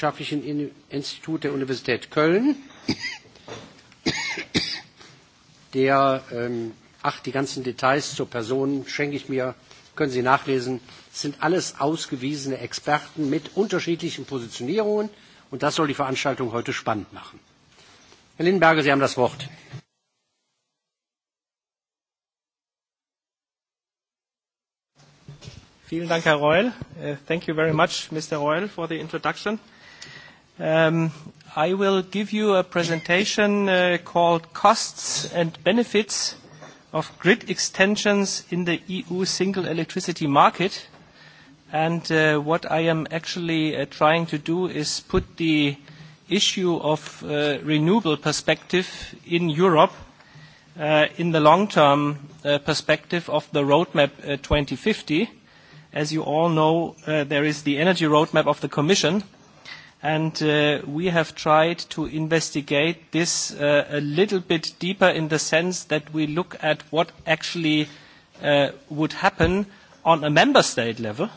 Wissenschaftlichen Institut der Universität Köln, der, ach, die ganzen Details zur Person schenke ich mir, können Sie nachlesen, sind alles ausgewiesene Experten mit unterschiedlichen Positionierungen und das soll die Veranstaltung heute spannend machen. Herr Lindenberger, Sie haben das Wort. Vielen Dank, Herr Reul. Thank you very much, Mr. Reul, for the introduction. I will give you a presentation called Costs and Benefits of Grid Extensions in the EU Single Electricity Market. And what I am actually trying to do is put the issue of renewable perspective in Europe in the long-term perspective of the Roadmap 2050. As you all know, there is the Energy Roadmap of the Commission and we have tried to investigate this a little bit deeper in the sense that we look at what actually would happen on a member state level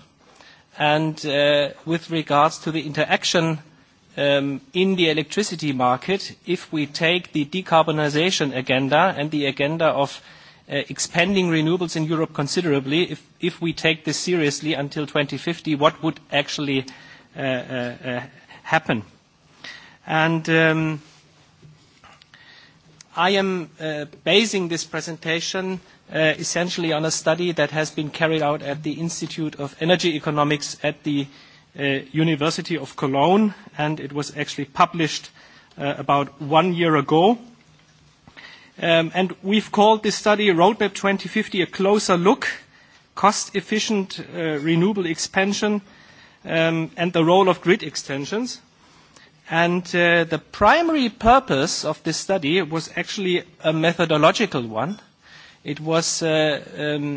and with regards to the interaction in the electricity market if we take the decarbonization agenda and the agenda of expanding renewables in Europe considerably, if we take this seriously until 2050, what would actually happen. And I am basing this presentation essentially on a study that has been carried out at the Institute of Energy Economics at the University of Cologne, and it was actually published about one year ago. And we've called this study Roadmap 2050 a closer look, cost-efficient renewable expansion and the role of grid extensions. And the primary purpose of this study was actually a methodological one. It was the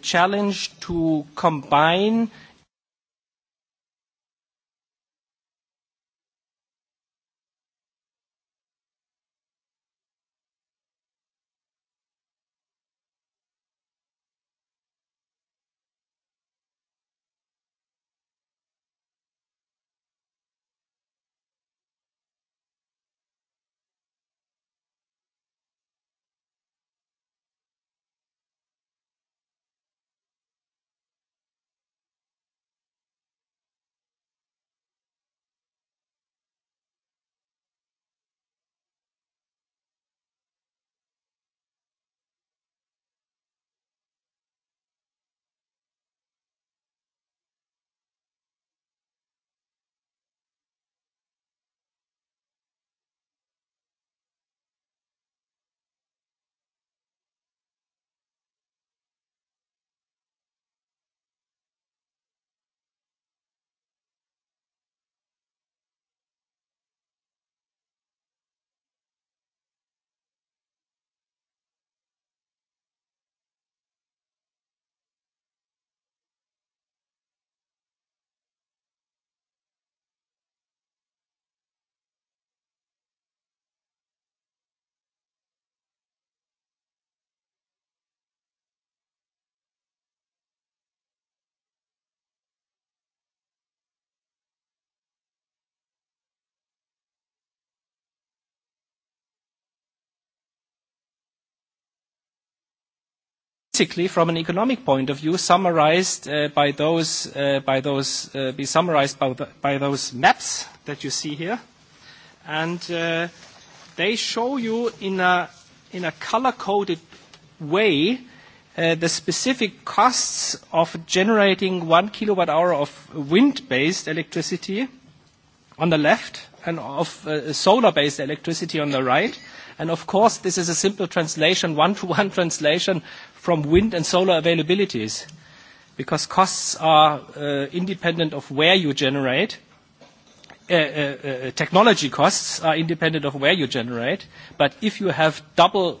challenge to combine basically from an economic point of view summarized by those by those be summarized by those maps that you see here and they show you in a in a color coded way the specific costs of generating one kilowatt hour of wind based electricity on the left and of solar based electricity on the right and of course this is a simple translation one to one translation from wind and solar availabilities, because costs are independent of where you generate. Technology costs are independent of where you generate, but if you have double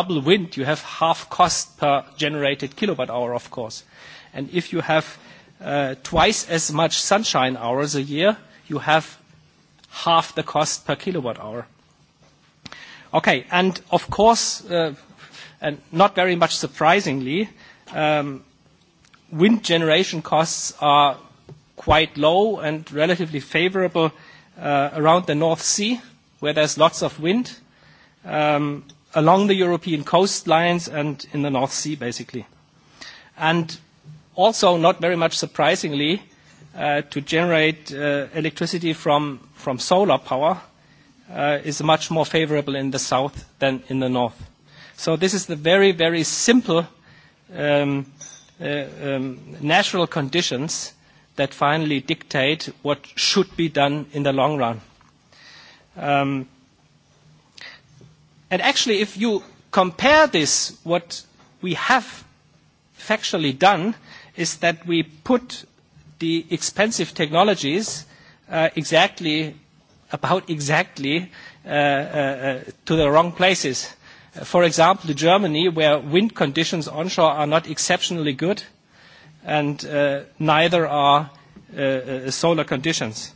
wind, you have half cost per generated kilowatt hour, of course. And if you have twice as much sunshine hours a year, you have half the cost per kilowatt hour. Okay, and of course, And not very much surprisingly, wind generation costs are quite low and relatively favorable around the North Sea, where there's lots of wind, along the European coastlines and in the North Sea, basically. And also, not very much surprisingly, to generate electricity from solar power is much more favorable in the south than in the north. So this is the very, very simple natural conditions that finally dictate what should be done in the long run. And actually, if you compare this, what we have factually done is that we put the expensive technologies exactly, about exactly, to the wrong places. For example, Germany, where wind conditions onshore are not exceptionally good, and neither are solar conditions.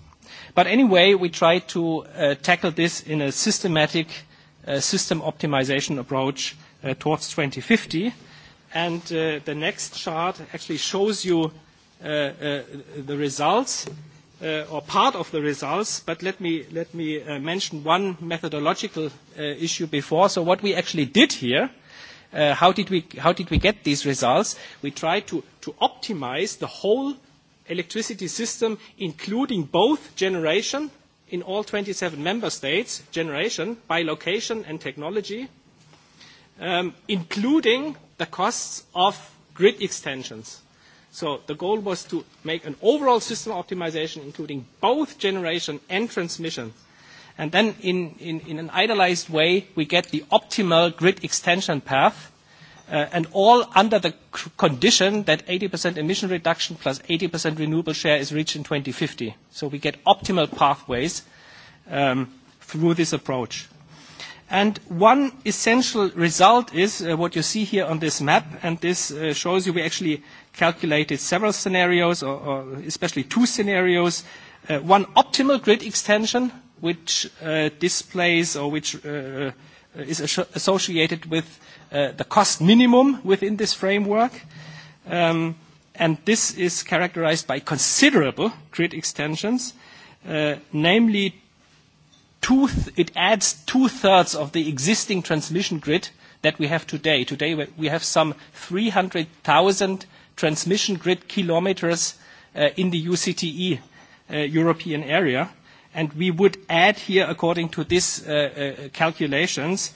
But anyway, we try to tackle this in a systematic system optimization approach towards 2050. And the next chart actually shows you the results or part of the results, but let me mention one methodological issue before. So what we actually did here, how did we get these results? We tried to optimize the whole electricity system, including both generation in all 27 member states, generation by location and technology, including the costs of grid extensions. So the goal was to make an overall system optimization, including both generation and transmission. And then in an idealized way, we get the optimal grid extension path, and all under the condition that 80% emission reduction plus 80% renewable share is reached in 2050. So we get optimal pathways through this approach. And one essential result is what you see here on this map, and this shows you we actually calculated several scenarios, or especially two scenarios. One optimal grid extension, which displays or which is associated with the cost minimum within this framework. And this is characterized by considerable grid extensions, namely it adds two-thirds of the existing transmission grid that we have today. Today we have some 300,000 transmission grid kilometers in the UCTE European area. And we would add here, according to these calculations,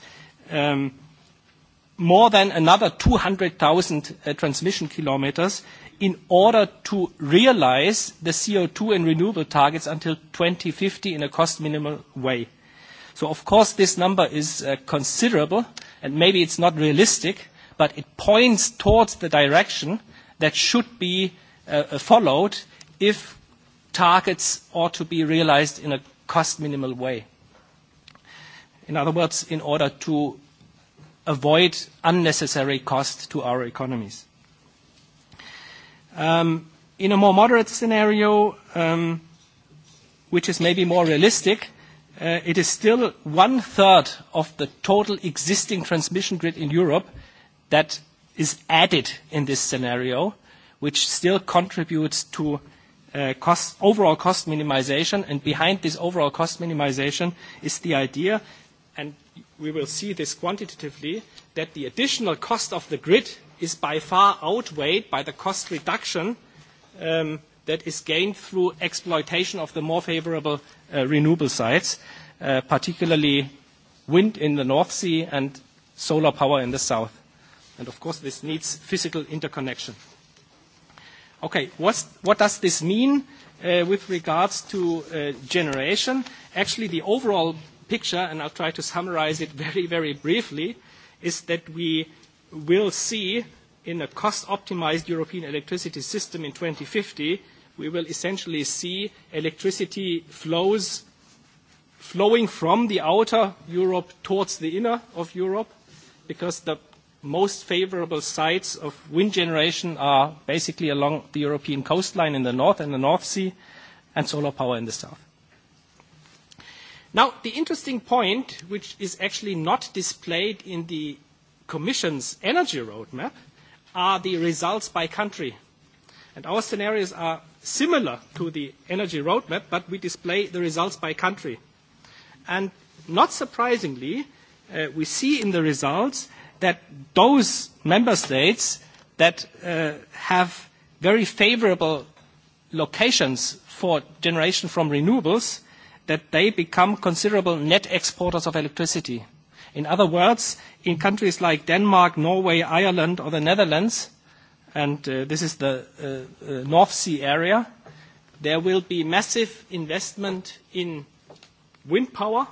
more than another 200,000 transmission kilometers in order to realize the CO2 and renewable targets until 2050 in a cost-minimal way. So, of course, this number is considerable, and maybe it's not realistic, but it points towards the direction that should be followed if targets ought to be realized in a cost minimal way. In other words, in order to avoid unnecessary costs to our economies. In a more moderate scenario, which is maybe more realistic, it is still one-third of the total existing transmission grid in Europe that is added in this scenario, which still contributes to overall cost minimization. And behind this overall cost minimization is the idea, and we will see this quantitatively, that the additional cost of the grid is by far outweighed by the cost reduction that is gained through exploitation of the more favorable renewable sites, particularly wind in the North Sea and solar power in the South. And of course, this needs physical interconnection. Okay, what does this mean with regards to generation? Actually, the overall picture, and I'll try to summarize it very, very briefly, is that we will see in a cost-optimized European electricity system in 2050, we will essentially see electricity flows flowing from the outer Europe towards the inner of Europe, because the most favorable sites of wind generation are basically along the European coastline in the north and the North Sea, and solar power in the south. Now, the interesting point, which is actually not displayed in the Commission's energy roadmap, are the results by country. And our scenarios are similar to the energy roadmap, but we display the results by country. And not surprisingly, we see in the results that those member states that have very favorable locations for generation from renewables, that they become considerable net exporters of electricity. In other words, in countries like Denmark, Norway, Ireland or the Netherlands, and this is the North Sea area, there will be massive investment in wind power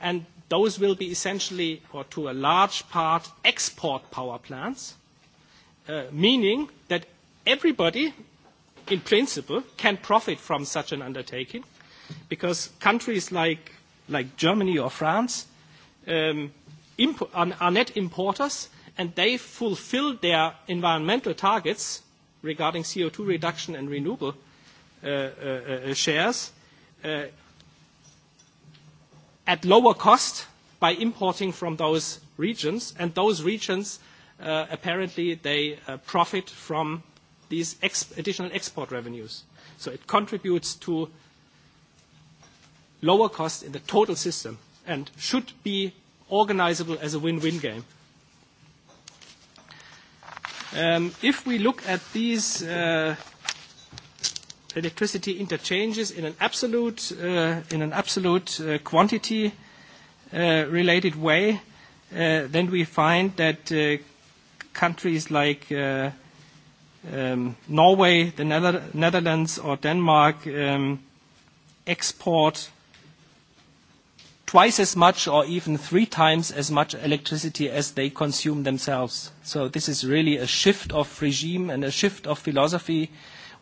and Those will be essentially, or to a large part, export power plants, meaning that everybody, in principle, can profit from such an undertaking, because countries like Germany or France are net importers, and they fulfill their environmental targets regarding CO2 reduction and renewable shares at lower cost by importing from those regions, and those regions apparently they profit from these additional export revenues. So it contributes to lower cost in the total system and should be organizable as a win-win game. If we look at these electricity interchanges in an absolute in an absolute quantity related way, then we find that countries like Norway, the Netherlands or Denmark export twice as much or even three times as much electricity as they consume themselves. So this is really a shift of regime and a shift of philosophy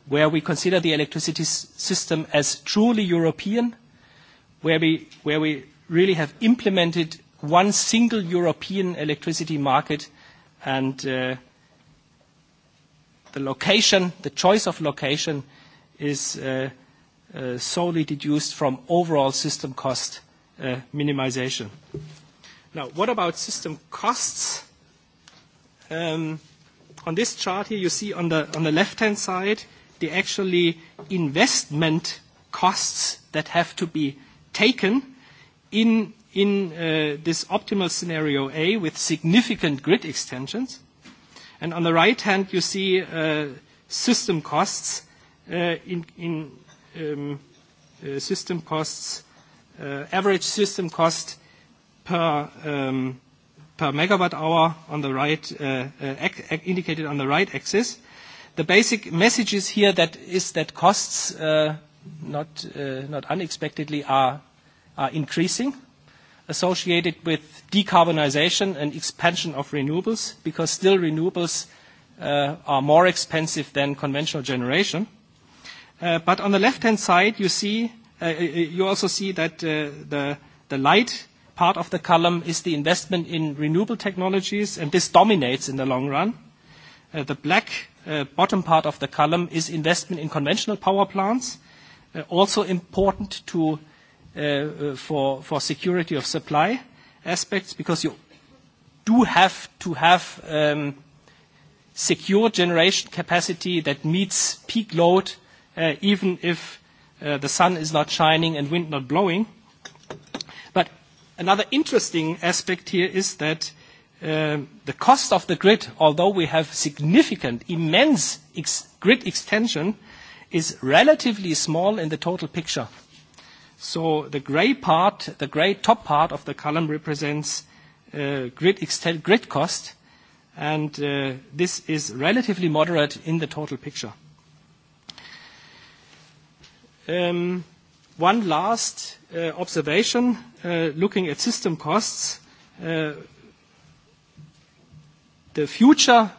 where we consider the electricity system as truly European, where we where we really have implemented one single European electricity market and the location, the choice of location is solely deduced from overall system cost minimization. Now, what about system costs? On this chart here, you see on the left-hand side, the actually investment costs that have to be taken in this optimal scenario A with significant grid extensions. And on the right hand, you see system costs in system costs, average system cost per megawatt hour on the right, indicated on the right axis the basic message is here that is that costs not not unexpectedly are increasing associated with decarbonization and expansion of renewables because still renewables are more expensive than conventional generation but on the left hand side you see you also see that the the light part of the column is the investment in renewable technologies and this dominates in the long run the black bottom part of the column is investment in conventional power plants, also important for security of supply aspects because you do have to have secure generation capacity that meets peak load even if the sun is not shining and wind not blowing. But another interesting aspect here is that the cost of the grid, although we have significant, immense grid extension, is relatively small in the total picture. So the gray part, the gray top part of the column represents grid cost, and this is relatively moderate in the total picture. One last observation, looking at system costs the future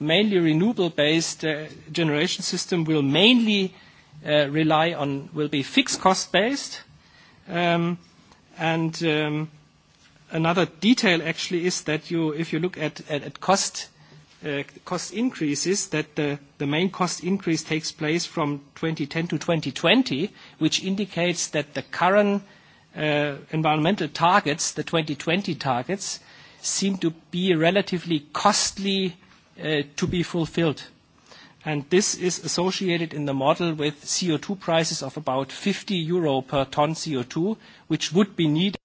mainly renewable-based generation system will mainly rely on, will be fixed cost-based. And another detail actually is that you, if you look at cost increases, that the main cost increase takes place from 2010 to 2020, which indicates that the current environmental targets, the 2020 targets, seem to be relatively costly to be fulfilled. And this is associated in the model with CO2 prices of about 50 euro per ton CO2, which would be needed.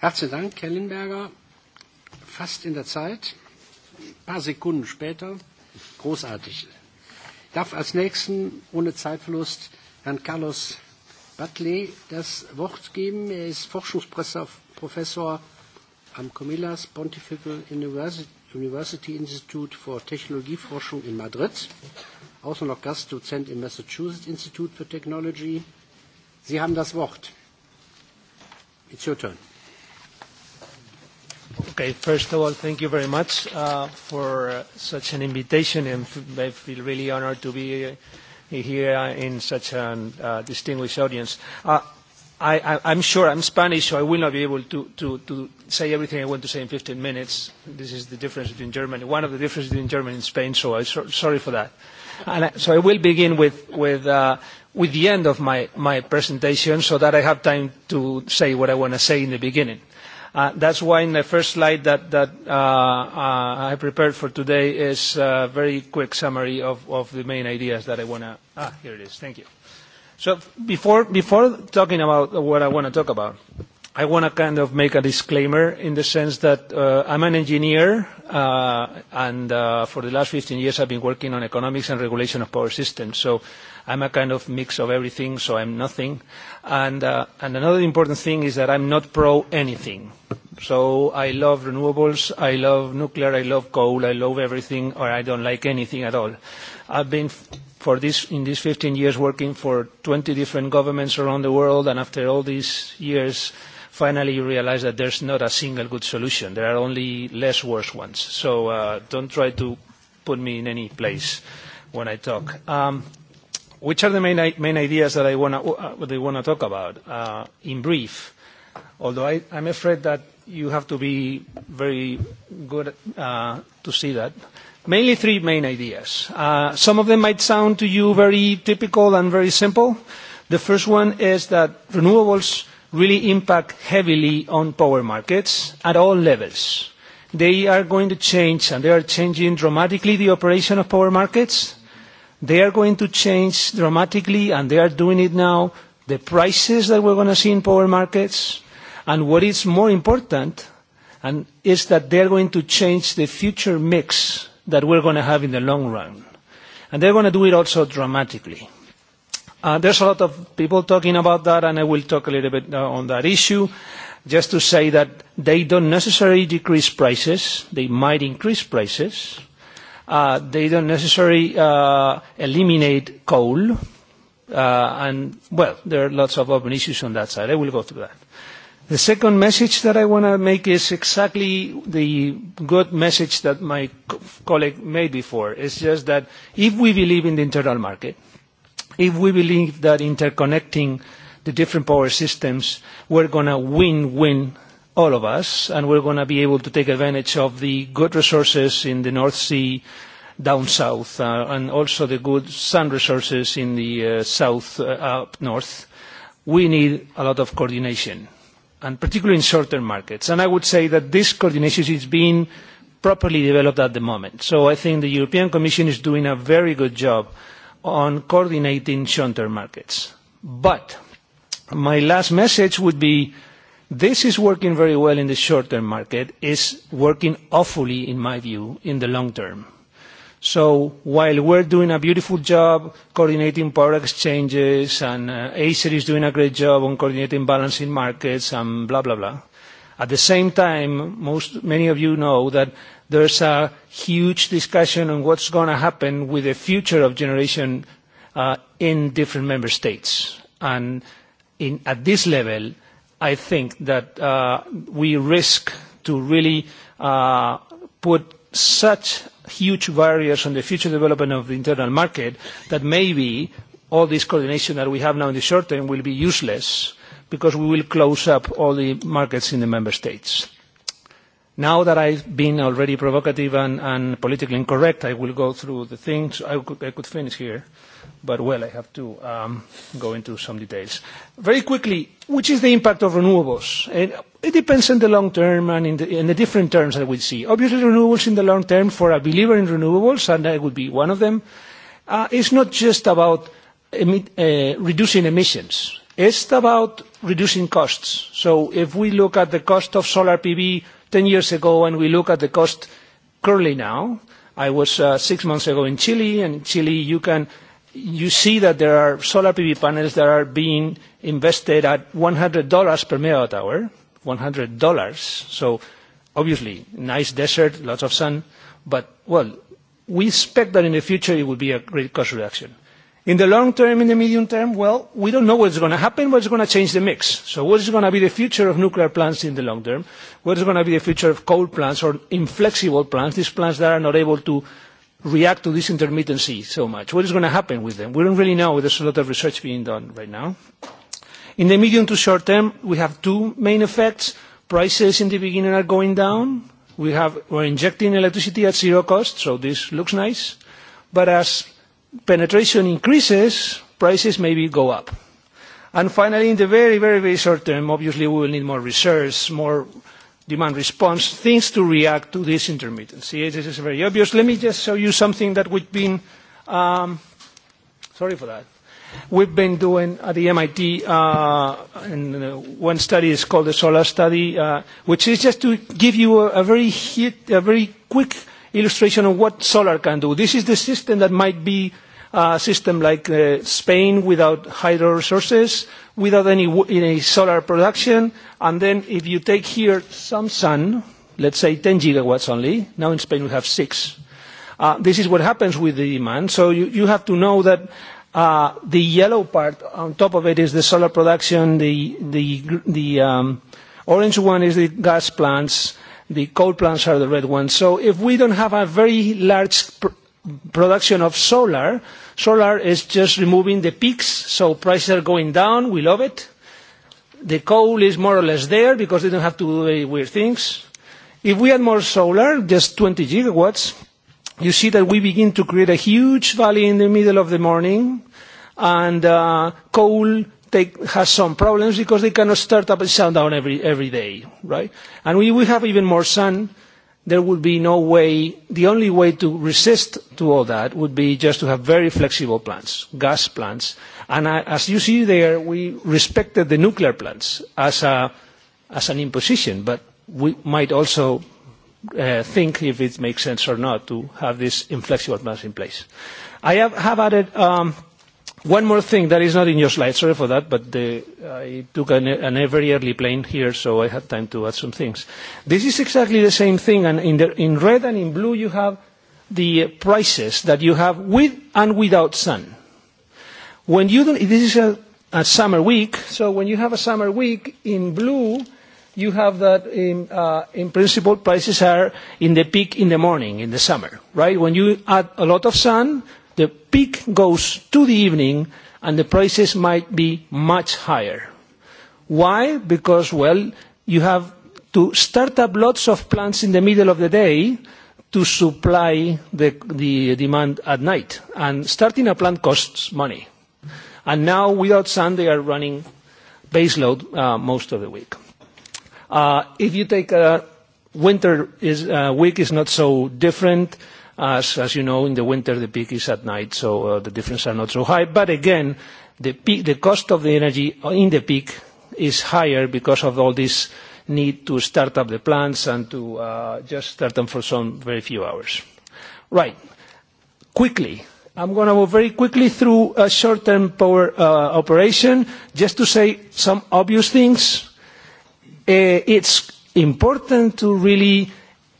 Herzlichen Dank, Herr Lindberger. Fast in der Zeit. Ein paar Sekunden später. Großartig. Ich darf als Nächsten ohne Zeitverlust Herrn Carlos Batley das Wort geben. Er ist Forschungsprofessor am Comillas Pontifical University Institute for Technologieforschung in Madrid, außer noch Gastdozent im Massachusetts Institute for Technology. Sie haben das Wort. It's your turn first of all, thank you very much for such an invitation, and I feel really honored to be here in such a distinguished audience. I'm sure I'm Spanish, so I will not be able to say everything I want to say in 15 minutes. This is the difference between Germany, one of the differences between Germany and Spain, so I'm sorry for that. So I will begin with the end of my presentation so that I have time to say what I want to say in the beginning. That's why in the first slide that I prepared for today is a very quick summary of the main ideas that I want to. Ah, here it is. Thank you. So before talking about what I want to talk about, I want to kind of make a disclaimer in the sense that I'm an engineer and for the last 15 years I've been working on economics and regulation of power systems. So I'm a kind of mix of everything, so I'm nothing. And another important thing is that I'm not pro anything. So I love renewables, I love nuclear, I love coal, I love everything, or I don't like anything at all. I've been for this in these 15 years working for 20 different governments around the world, and after all these years finally you realize that there's not a single good solution. There are only less worse ones. So don't try to put me in any place when I talk. Which are the main main ideas that I want to talk about? In brief, although I'm afraid that you have to be very good to see that. Mainly three main ideas. Some of them might sound to you very typical and very simple. The first one is that renewables really impact heavily on power markets at all levels. They are going to change, and they are changing dramatically the operation of power markets. They are going to change dramatically, and they are doing it now, the prices that we're going to see in power markets. And what is more important is that they are going to change the future mix that we're going to have in the long run. And they're going to do it also dramatically. There's a lot of people talking about that, and I will talk a little bit on that issue. Just to say that they don't necessarily decrease prices, they might increase prices. They don't necessarily eliminate coal, and well, there are lots of open issues on that side. I will go through that. The second message that I want to make is exactly the good message that my colleague made before. It's just that if we believe in the internal market if we believe that interconnecting the different power systems, we're going to win-win all of us, and we're going to be able to take advantage of the good resources in the North Sea down south, and also the good sun resources in the south up north, we need a lot of coordination, and particularly in short-term markets. And I would say that this coordination is being properly developed at the moment. So I think the European Commission is doing a very good job on coordinating short-term markets. But my last message would be this is working very well in the short-term market, is working awfully, in my view, in the long term. So while we're doing a beautiful job coordinating power exchanges and Acer is doing a great job on coordinating balancing markets and blah, blah, blah, at the same time, most many of you know that There's a huge discussion on what's going to happen with the future of generation in different member states. And at this level, I think that we risk to really put such huge barriers on the future development of the internal market that maybe all this coordination that we have now in the short term will be useless because we will close up all the markets in the member states. Now that I've been already provocative and politically incorrect, I will go through the things. I could finish here, but well, I have to go into some details. Very quickly, which is the impact of renewables? It depends on the long term and in the different terms that we see. Obviously, renewables in the long term, for a believer in renewables, and I would be one of them, is not just about reducing emissions. It's about reducing costs. So if we look at the cost of solar PV, Ten years ago when we look at the cost currently now. I was six months ago in Chile, and in Chile you can you see that there are solar PV panels that are being invested at $100 per megawatt hour, $100. So obviously, nice desert, lots of sun, but well, we expect that in the future it will be a great cost reduction. In the long term, in the medium term, well, we don't know what's going to happen, what's going to change the mix. So what is going to be the future of nuclear plants in the long term? What is going to be the future of coal plants or inflexible plants, these plants that are not able to react to this intermittency so much? What is going to happen with them? We don't really know. There's a lot of research being done right now. In the medium to short term, we have two main effects. Prices in the beginning are going down. We We're injecting electricity at zero cost, so this looks nice. But as penetration increases, prices maybe go up. And finally, in the very, very, very short term, obviously we will need more research, more demand response, things to react to this intermittency. This is very obvious. Let me just show you something that we've been, sorry for that, we've been doing at the MIT. One study is called the SOLAR study, which is just to give you a very quick illustration of what solar can do. This is the system that might be a system like Spain without hydro resources, without any solar production, and then if you take here some sun, let's say 10 gigawatts only, now in Spain we have six, this is what happens with the demand. So you have to know that the yellow part on top of it is the solar production, the orange one is the gas plants, the coal plants are the red ones. So if we don't have a very large production of solar, solar is just removing the peaks, so prices are going down, we love it. The coal is more or less there because they don't have to do very weird things. If we had more solar, just 20 gigawatts, you see that we begin to create a huge valley in the middle of the morning, and coal they has some problems because they cannot start up and shut down every every day, right? And we we have even more sun. There would be no way. The only way to resist to all that would be just to have very flexible plants, gas plants. And as you see there, we respected the nuclear plants as a as an imposition, but we might also think if it makes sense or not to have this inflexible plants in place. I have added One more thing that is not in your slide, sorry for that, but I took an very early plane here, so I had time to add some things. This is exactly the same thing, and in red and in blue you have the prices that you have with and without sun. When you This is a summer week, so when you have a summer week, in blue you have that in principle prices are in the peak in the morning, in the summer, right? When you add a lot of sun, the peak goes to the evening and the prices might be much higher. Why? Because, well, you have to start up lots of plants in the middle of the day to supply the demand at night. And starting a plant costs money. And now, without sun, they are running baseload most of the week. If you take a winter week is not so different. As you know, in the winter, the peak is at night, so the differences are not so high. But again, the cost of the energy in the peak is higher because of all this need to start up the plants and to just start them for some very few hours. Right. Quickly. I'm going to go very quickly through a short-term power operation just to say some obvious things. It's important to really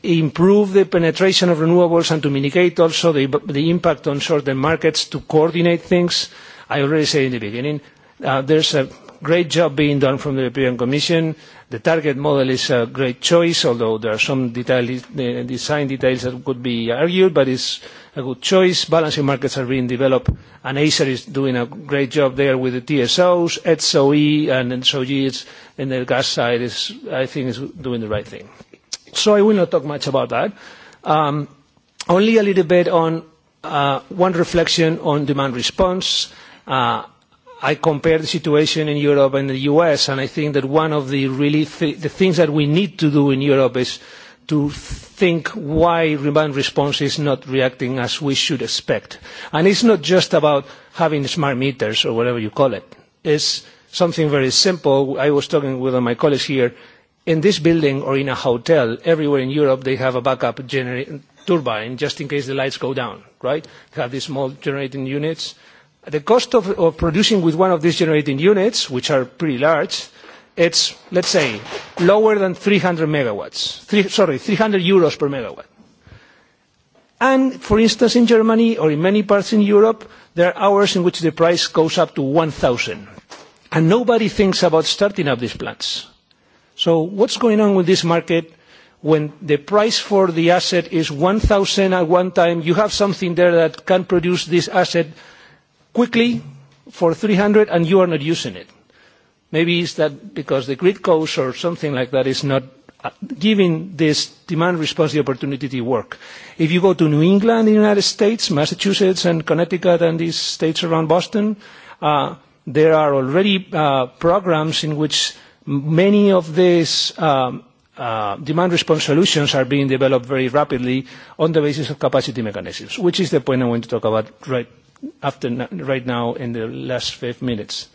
improve the penetration of renewables and to mitigate also the impact on short markets to coordinate things. I already said in the beginning, there's a great job being done from the European Commission. The target model is a great choice, although there are some design details that could be argued, but it's a good choice. Balancing markets are being developed, and ACER is doing a great job there with the TSOs, ETSOE, and SOG in the gas side, I think is doing the right thing. So I will not talk much about that. Only a little bit on one reflection on demand response. I compare the situation in Europe and the US, and I think that one of the really the things that we need to do in Europe is to think why demand response is not reacting as we should expect. And it's not just about having smart meters or whatever you call it. It's something very simple. I was talking with my colleagues here in this building or in a hotel everywhere in Europe they have a backup turbine just in case the lights go down, right? They have these small generating units. The cost of producing with one of these generating units, which are pretty large, it's, let's say, lower than 300 megawatts. Sorry, 300 euros per megawatt. And, for instance, in Germany or in many parts in Europe, there are hours in which the price goes up to 1,000. And nobody thinks about starting up these plants So what's going on with this market when the price for the asset is 1,000 at one time? You have something there that can produce this asset quickly for 300 and you are not using it. Maybe it's that because the grid cost or something like that is not giving this demand response the opportunity to work. If you go to New England, the United States, Massachusetts and Connecticut and these states around Boston, there are already programs in which Many of these demand response solutions are being developed very rapidly on the basis of capacity mechanisms, which is the point I want to talk about right after right now in the last five minutes.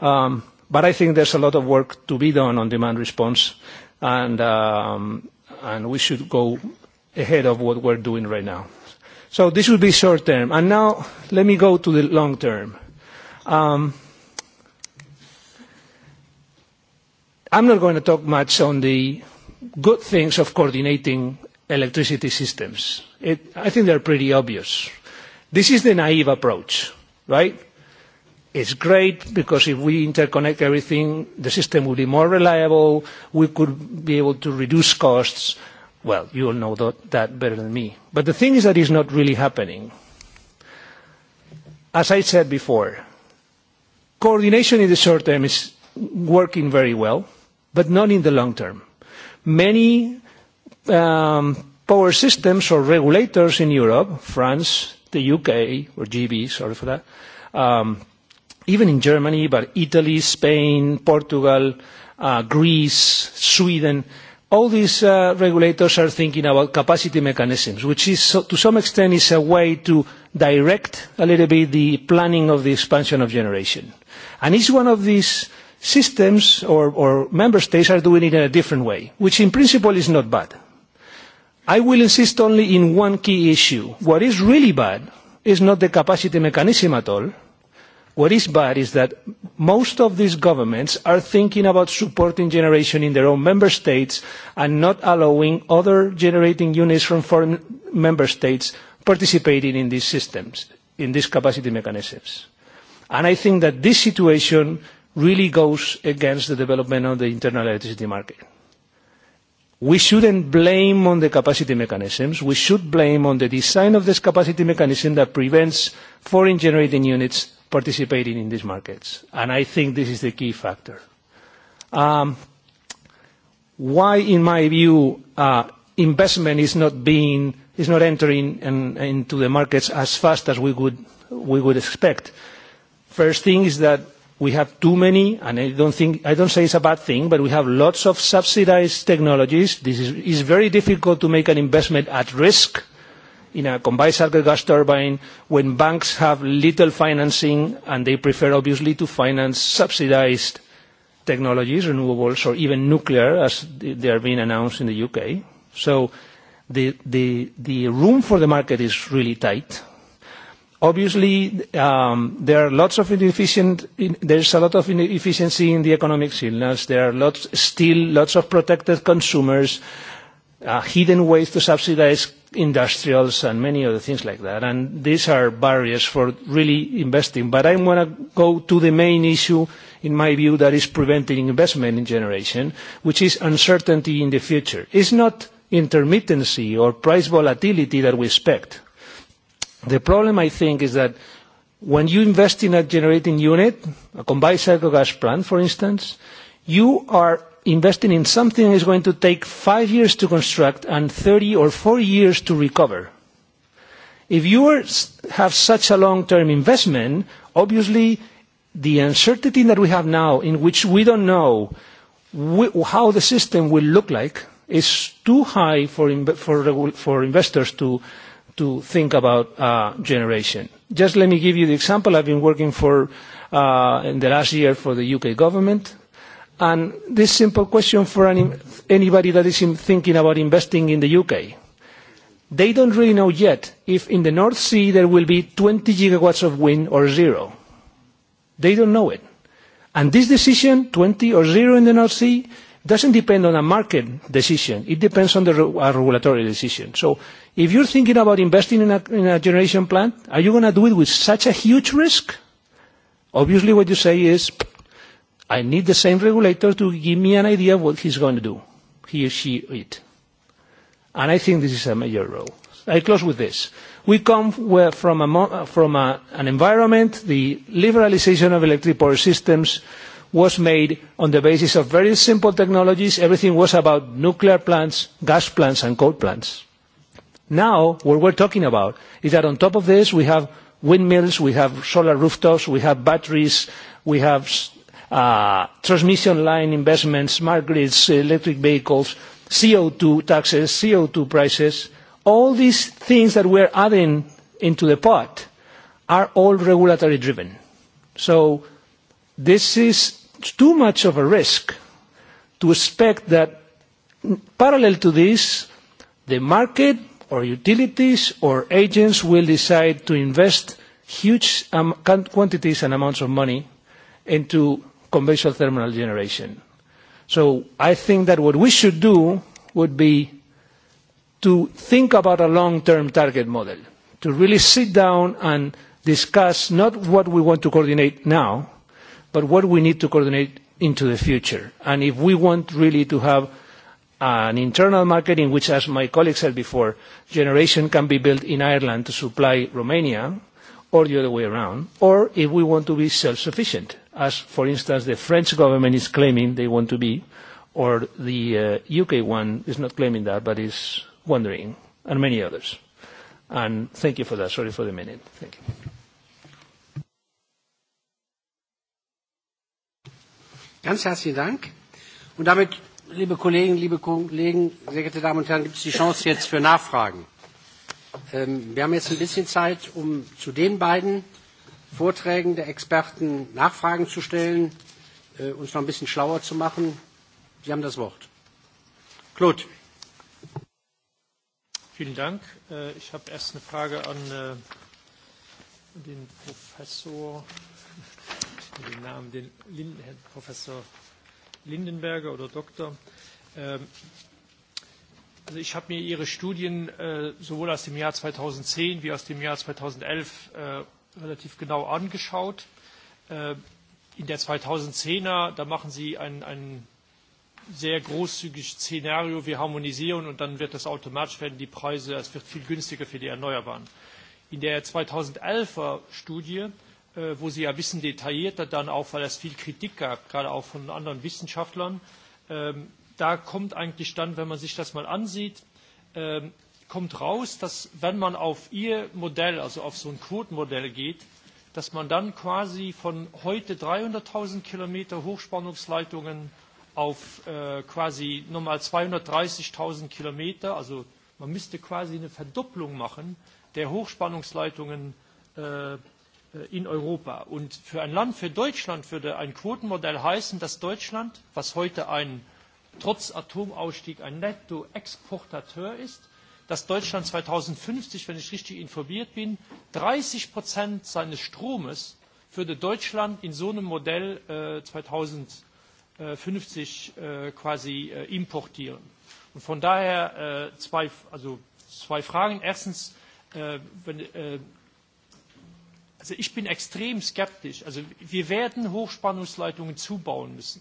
But I think there's a lot of work to be done on demand response, and and we should go ahead of what we're doing right now. So this would be short term. And now let me go to the long term. I'm not going to talk much on the good things of coordinating electricity systems. I think they are pretty obvious. This is the naive approach, right? It's great because if we interconnect everything, the system will be more reliable, we could be able to reduce costs. Well, you all know that better than me. But the thing is that it's not really happening. As I said before, coordination in the short term is working very well but not in the long term. Many power systems or regulators in Europe, France, the UK, or GB, sorry for that, even in Germany, but Italy, Spain, Portugal, Greece, Sweden, all these regulators are thinking about capacity mechanisms, which is, to some extent, is a way to direct a little bit the planning of the expansion of generation. And it's one of these systems or member states are doing it in a different way, which in principle is not bad. I will insist only in one key issue. What is really bad is not the capacity mechanism at all. What is bad is that most of these governments are thinking about supporting generation in their own member states and not allowing other generating units from foreign member states participating in these systems, in these capacity mechanisms. And I think that this situation really goes against the development of the internal electricity market. We shouldn't blame on the capacity mechanisms. We should blame on the design of this capacity mechanism that prevents foreign generating units participating in these markets. And I think this is the key factor. Why, in my view, investment is not being, is not entering into the markets as fast as we would expect. First thing is that we have too many, and I don't think, I don't say it's a bad thing, but we have lots of subsidised technologies. This is, it's very difficult to make an investment at risk in a combined cycle gas turbine when banks have little financing and they prefer obviously to finance subsidised technologies, renewables, or even nuclear as they are being announced in the UK. So the room for the market is really tight Obviously, there are lots of inefficient, is a lot of inefficiency in the economic signals. There are lots, still lots of protected consumers, hidden ways to subsidize industrials and many other things like that. And these are barriers for really investing. But I want to go to the main issue, in my view, that is preventing investment in generation, which is uncertainty in the future. It's not intermittency or price volatility that we expect The problem, I think, is that when you invest in a generating unit, a combined cycle gas plant, for instance, you are investing in something that is going to take five years to construct and 30 or 40 years to recover. If you have such a long-term investment, obviously the uncertainty that we have now, in which we don't know how the system will look like, is too high for investors to to think about generation. Just let me give you the example. I've been working for in the last year for the UK government, and this simple question for anybody that is thinking about investing in the UK. They don't really know yet if in the North Sea there will be 20 gigawatts of wind or zero. They don't know it. And this decision, 20 or zero in the North Sea, doesn't depend on a market decision. It depends on the regulatory decision. So if you're thinking about investing in a generation plant, are you going to do it with such a huge risk? Obviously, what you say is, I need the same regulator to give me an idea of what he's going to do, he or she it. And I think this is a major role. I close with this. We come from an environment, the liberalization of electric power systems, was made on the basis of very simple technologies. Everything was about nuclear plants, gas plants, and coal plants. Now, what we're talking about is that on top of this, we have windmills, we have solar rooftops, we have batteries, we have transmission line investments, smart grids, electric vehicles, CO2 taxes, CO2 prices. All these things that we're adding into the pot are all regulatory driven. So this is too much of a risk to expect that parallel to this, the market or utilities or agents will decide to invest huge quantities and amounts of money into conventional thermal generation. So I think that what we should do would be to think about a long-term target model, to really sit down and discuss not what we want to coordinate now, but what we need to coordinate into the future. And if we want really to have an internal market in which, as my colleague said before, generation can be built in Ireland to supply Romania, or the other way around, or if we want to be self-sufficient, as, for instance, the French government is claiming they want to be, or the UK one is not claiming that, but is wondering, and many others. And thank you for that. Sorry for the minute. Thank you. Ganz herzlichen Dank. Und damit, liebe Kollegen, liebe Kollegen, sehr geehrte Damen und Herren, gibt es die Chance jetzt für Nachfragen. Wir haben jetzt ein bisschen Zeit, um zu den beiden Vorträgen der Experten Nachfragen zu stellen, uns noch ein bisschen schlauer zu machen. Sie haben das Wort. Claude. Vielen Dank. Ich habe erst eine Frage an den Professor vergessen den Namen, den Professor Lindenberger oder Doktor. Also ich habe mir Ihre Studien sowohl aus dem Jahr 2010 wie aus dem Jahr 2011 relativ genau angeschaut. In der 2010er, da machen Sie ein sehr großzügiges Szenario, wir harmonisieren und dann wird das automatisch werden, die Preise, es wird viel günstiger für die Erneuerbaren. In der 2011er Studie wo Sie ja ein bisschen detaillierter dann auch, weil es viel Kritik gab, gerade auch von anderen Wissenschaftlern, da kommt eigentlich dann, wenn man sich das mal ansieht, kommt raus, dass wenn man auf Ihr Modell, also auf so ein Quotenmodell geht, dass man dann quasi von heute 300.000 Kilometer Hochspannungsleitungen auf quasi nochmal 230.000 Kilometer, also man müsste quasi eine Verdopplung machen der Hochspannungsleitungen in Europa. Und für ein Land, für Deutschland würde ein Quotenmodell heißen, dass Deutschland, was heute ein trotz Atomausstieg ein Nettoexportateur ist, dass Deutschland 2050, wenn ich richtig informiert bin, 30 seines Stromes würde Deutschland in so einem Modell 2050 quasi importieren. Und von daher zwei Fragen. Erstens, Also ich bin extrem skeptisch. Also wir werden Hochspannungsleitungen zubauen müssen.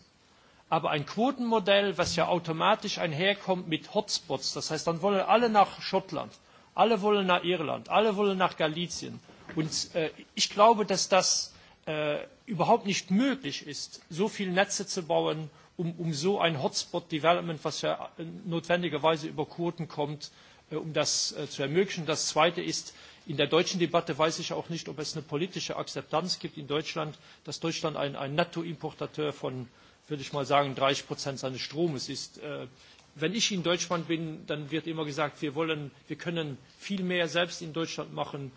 Aber ein Quotenmodell, das ja automatisch einherkommt mit Hotspots, das heißt, dann wollen alle nach Schottland, alle wollen nach Irland, alle wollen nach Galizien. Und ich glaube, dass das überhaupt nicht möglich ist, so viele Netze zu bauen, um so ein Hotspot-Development, das ja notwendigerweise über Quoten kommt, um das zu ermöglichen. Das Zweite ist, In der deutschen Debatte weiß ich auch nicht, ob es eine politische Akzeptanz gibt in Deutschland, dass Deutschland ein Nettoimportateur von, würde ich mal sagen, 30 seines Stromes ist. Wenn ich in Deutschland bin, dann wird immer gesagt, wir können viel mehr selbst in Deutschland machen,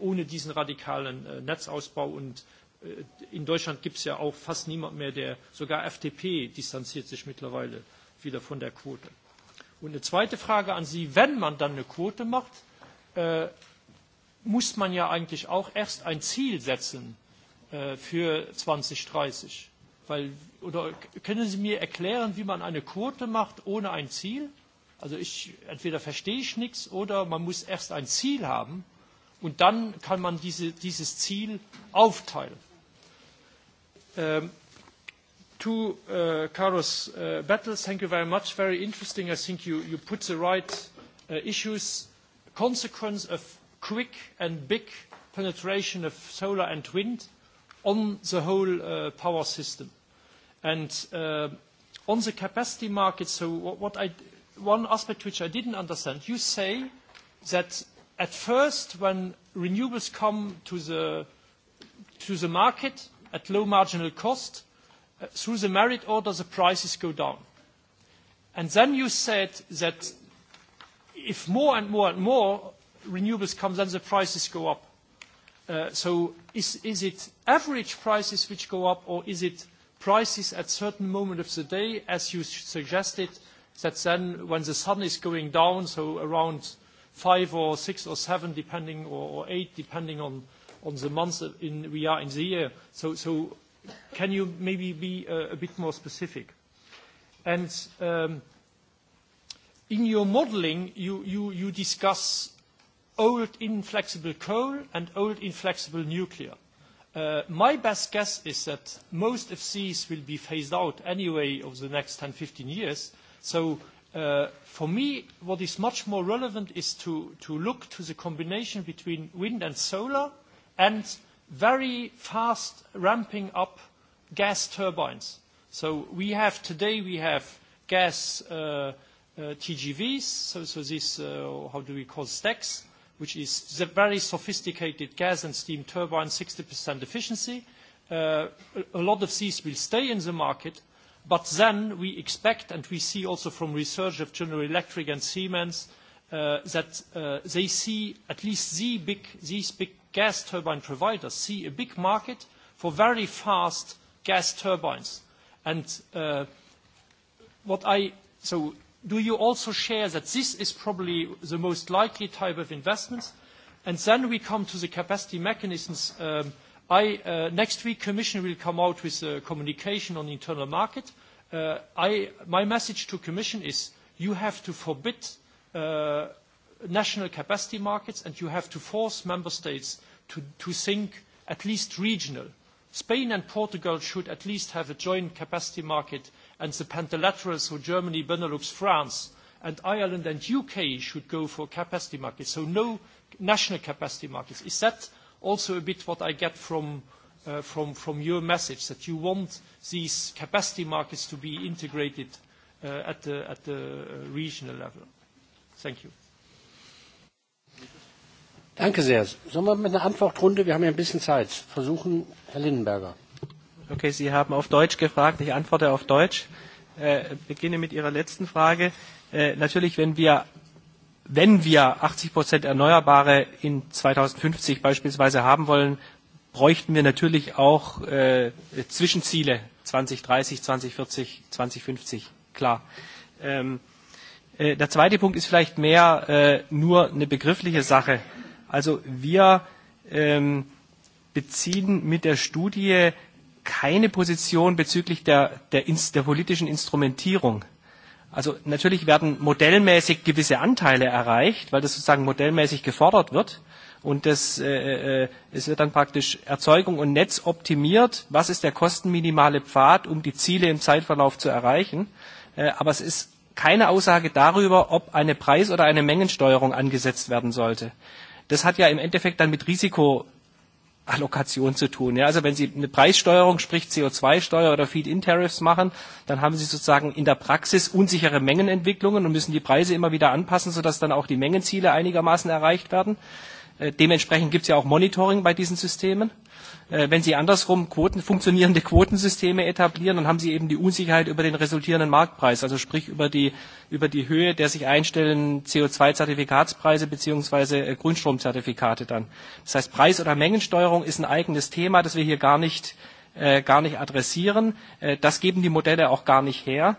ohne diesen radikalen Netzausbau. Und in Deutschland gibt es ja auch fast niemand mehr, der sogar FDP distanziert sich mittlerweile wieder von der Quote. Und eine zweite Frage an Sie, wenn man dann eine Quote macht, muss man ja eigentlich auch erst ein Ziel setzen für 2030. Oder können Sie mir erklären, wie man eine Quote macht ohne ein Ziel? Also entweder verstehe ich nichts oder man muss erst ein Ziel haben und dann kann man dieses Ziel aufteilen. To Carlos thank you very much. Very interesting. I think you put the right issues. Consequence of quick and big penetration of solar and wind on the whole power system. And on the capacity market, so one aspect which I didn't understand, you say that at first when renewables come to the to the market at low marginal cost, through the merit order the prices go down. And then you said that if more and more and more renewables comes then the prices go up. So is it average prices which go up, or is it prices at certain moment of the day, as you suggested, that then when the sun is going down, so around five or six or seven, depending, or eight, depending on the month we are in the year. So can you maybe be a bit more specific? And in your modeling, you discuss old inflexible coal and old inflexible nuclear. My best guess is that most of these will be phased out anyway over the next 10-15 years. So for me, what is much more relevant is to look to the combination between wind and solar and very fast ramping up gas turbines. So we have today, we have gas TGVs, so these, how do we call stacks? which is the very sophisticated gas and steam turbine, 60% efficiency. A lot of these will stay in the market, but then we expect, and we see also from research of General Electric and Siemens, that they see, at least these big gas turbine providers, see a big market for very fast gas turbines. And what I, so do you also share that this is probably the most likely type of investment? And then we come to the capacity mechanisms. Next week, Commission will come out with a communication on the internal market. My message to Commission is you have to forbid national capacity markets and you have to force member states to think at least regional. Spain and Portugal should at least have a joint capacity market and the pentalaterals, so Germany, Benelux, France, and Ireland and UK should go for capacity markets, so no national capacity markets. Is that also a bit what I get from your message, that you want these capacity markets to be integrated at the regional level? Thank you. Danke sehr. Sollen wir mit einer Antwortrunde, wir haben ja ein bisschen Zeit, versuchen, Herr Lindenberger. Okay, Sie haben auf Deutsch gefragt. Ich antworte auf Deutsch. Beginne mit Ihrer letzten Frage. Natürlich, wenn wir wenn wir 80 Erneuerbare in 2050 beispielsweise haben wollen, bräuchten wir natürlich auch Zwischenziele 2030, 2040, 2050, klar. Der zweite Punkt ist vielleicht mehr nur eine begriffliche Sache. Also wir beziehen mit der Studie keine Position bezüglich der, der, der politischen Instrumentierung. Also natürlich werden modellmäßig gewisse Anteile erreicht, weil das sozusagen modellmäßig gefordert wird. Und das, äh, es wird dann praktisch Erzeugung und Netz optimiert. Was ist der kostenminimale Pfad, um die Ziele im Zeitverlauf zu erreichen? aber es ist keine Aussage darüber, ob eine Preis- oder eine Mengensteuerung angesetzt werden sollte. Das hat ja im Endeffekt dann mit Risiko Allokation zu tun. Ja, also wenn Sie eine Preissteuerung, sprich CO2-Steuer oder Feed-in-Tariffs machen, dann haben Sie sozusagen in der Praxis unsichere Mengenentwicklungen und müssen die Preise immer wieder anpassen, sodass dann auch die Mengenziele einigermaßen erreicht werden. Dementsprechend gibt es ja auch Monitoring bei diesen Systemen. Wenn Sie andersrum Quoten, funktionierende Quotensysteme etablieren, dann haben Sie eben die Unsicherheit über den resultierenden Marktpreis, also sprich über die, über die Höhe der sich einstellenden CO2-Zertifikatspreise bzw. Grundstromzertifikate dann. Das heißt, Preis- oder Mengensteuerung ist ein eigenes Thema, das wir hier gar nicht, gar nicht adressieren. Das geben die Modelle auch gar nicht her,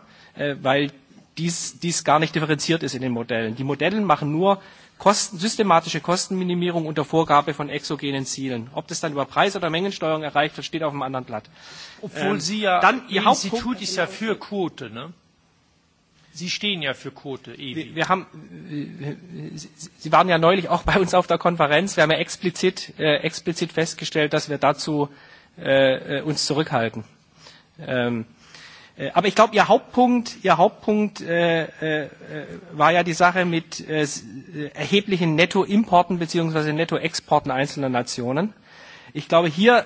weil dies gar nicht differenziert ist in den Modellen. Die Modellen machen nur Kosten systematische Kostenminimierung unter Vorgabe von exogenen Zielen. Ob das dann über Preis- oder Mengensteuerung erreicht wird, steht auf einem anderen Blatt. Obwohl Sie ja, dann Ihr Institut ist ja für Quote, ne? Sie stehen ja für Quote, Wir, Wir haben, Sie waren ja neulich auch bei uns auf der Konferenz. Wir haben ja explizit, explizit festgestellt, dass wir dazu uns zurückhalten. Ähm, Aber ich glaube, Ihr Hauptpunkt, Ihr Hauptpunkt war ja die Sache mit erheblichen Nettoimporten bzw. Nettoexporten einzelner Nationen. Ich glaube, hier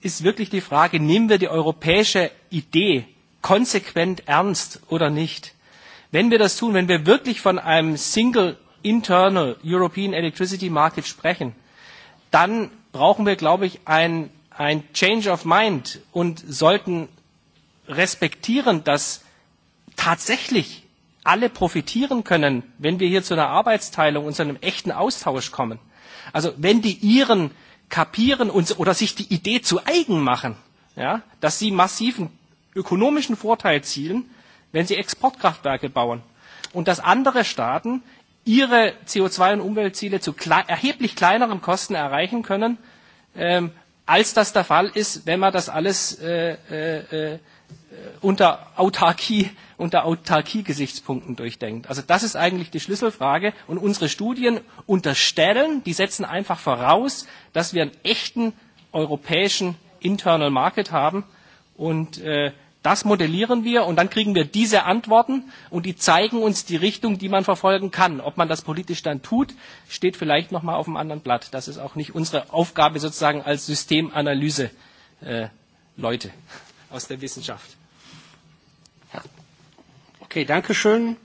ist wirklich die Frage, nehmen wir die europäische Idee konsequent ernst oder nicht? Wenn wir das tun, wenn wir wirklich von einem Single Internal European Electricity Market sprechen, dann brauchen wir, glaube ich, ein Change of Mind und sollten respektieren, dass tatsächlich alle profitieren können, wenn wir hier zu einer Arbeitsteilung und zu einem echten Austausch kommen. Also wenn die Iren kapieren und, oder sich die Idee zu eigen machen, ja, dass sie massiven ökonomischen Vorteil zielen, wenn sie Exportkraftwerke bauen und dass andere Staaten ihre CO2- und Umweltziele zu erheblich kleineren Kosten erreichen können, ähm, als das der Fall ist, wenn man das alles äh, unter Autarkie, unter Autarkie-Gesichtspunkten durchdenkt. Also das ist eigentlich die Schlüsselfrage. Und unsere Studien unterstellen, die setzen einfach voraus, dass wir einen echten europäischen Internal Market haben. Und das modellieren wir und dann kriegen wir diese Antworten und die zeigen uns die Richtung, die man verfolgen kann. Ob man das politisch dann tut, steht vielleicht noch mal auf einem anderen Blatt. Das ist auch nicht unsere Aufgabe sozusagen als Systemanalyse-Leute aus der Wissenschaft. Ja. Okay, danke schön.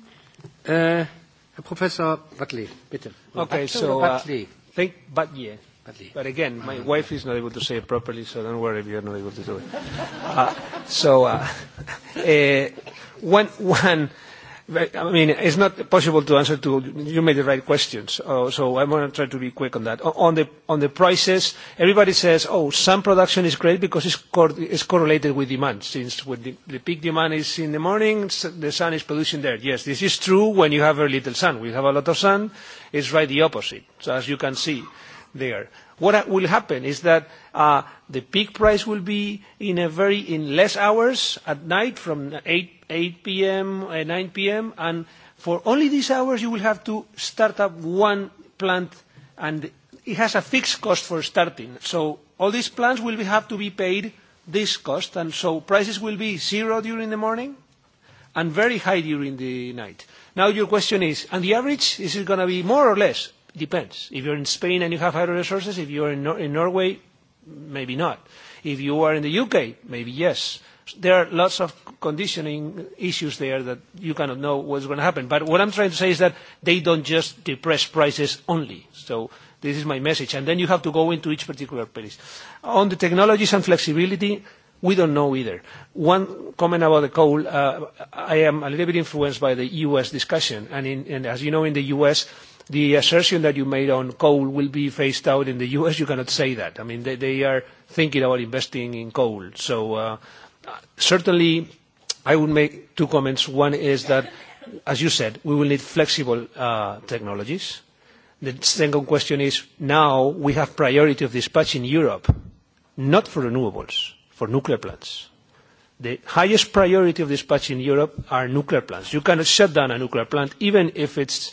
Herr Professor Batley, bitte. Okay, so think Batlier. But again, my wife is not able to say it properly, so don't worry if you're not able to do it. So uh, one I mean, it's not possible to answer to. You made the right questions, so I want to try to be quick on that. On the on the prices, everybody says, "Oh, some production is great because it's correlated with demand. Since when the peak demand is in the morning, the sun is producing there." Yes, this is true when you have very little sun. We have a lot of sun. It's right the opposite, So, as you can see there. What will happen is that the peak price will be in less hours at night from 8 p.m. p.m. 9 p.m. and for only these hours you will have to start up one plant and it has a fixed cost for starting. So all these plants will have to be paid this cost and so prices will be zero during the morning and very high during the night. Now your question is, and the average, is it going to be more or less? depends. If you're in Spain and you have hydro resources, if you are in Norway, maybe not. If you are in the UK, maybe yes. There are lots of conditioning issues there that you cannot know what's going to happen. But what I'm trying to say is that they don't just depress prices only. So this is my message. And then you have to go into each particular place. On the technologies and flexibility, we don't know either. One comment about the coal, I am a little bit influenced by the U.S. discussion. And as you know, in the U.S., the assertion that you made on coal will be phased out in the U.S., you cannot say that. I mean, they are thinking about investing in coal. So certainly I would make two comments. One is that, as you said, we will need flexible technologies. The second question is now we have priority of dispatch in Europe, not for renewables, for nuclear plants. The highest priority of dispatch in Europe are nuclear plants. You cannot shut down a nuclear plant even if it's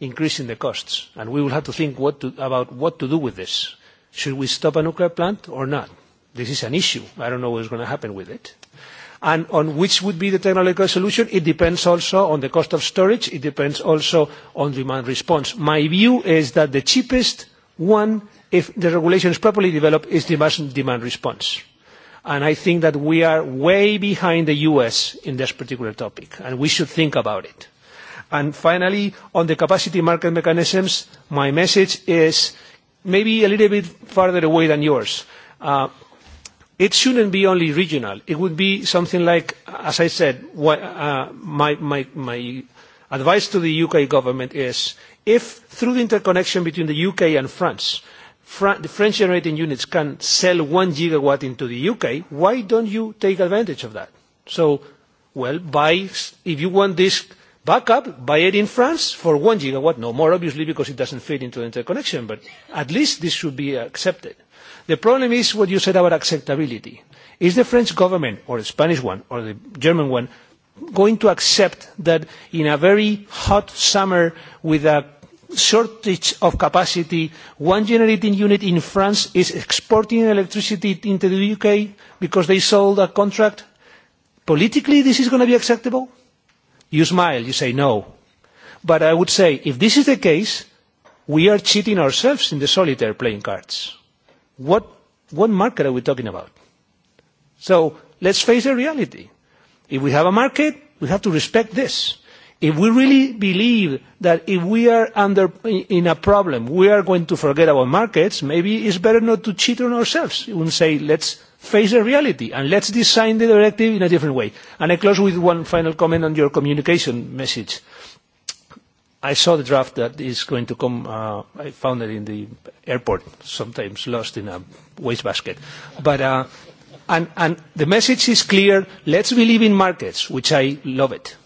increasing the costs. And we will have to think about what to do with this. Should we stop a nuclear plant or not? This is an issue. I don't know what is going to happen with it. And on which would be the technological solution, it depends also on the cost of storage. It depends also on demand response. My view is that the cheapest one, if the regulation is properly developed, is demand response. And I think that we are way behind the US in this particular topic, and we should think about it. And finally, on the capacity market mechanisms, my message is maybe a little bit farther away than yours. It shouldn't be only regional. It would be something like, as I said, my advice to the UK government is, if through the interconnection between the UK and France, the French generating units can sell one gigawatt into the UK, why don't you take advantage of that? So, well, buy, if you want this backup buy it in France for one gigawatt, no more obviously because it doesn't fit into the interconnection, but at least this should be accepted. The problem is what you said about acceptability. Is the French government, or the Spanish one, or the German one, going to accept that in a very hot summer with a shortage of capacity, one generating unit in France is exporting electricity into the UK because they sold a contract? Politically, this is going to be acceptable? You smile, you say no. But I would say, if this is the case, we are cheating ourselves in the solitaire playing cards. What what market are we talking about? So let's face the reality. If we have a market, we have to respect this. If we really believe that if we are under in a problem, we are going to forget about markets, maybe it's better not to cheat on ourselves. We say, let's face the reality and let's design the directive in a different way. And I close with one final comment on your communication message. I saw the draft that is going to come. I found it in the airport, sometimes lost in a wastebasket. But and and the message is clear. Let's believe in markets, which I love it.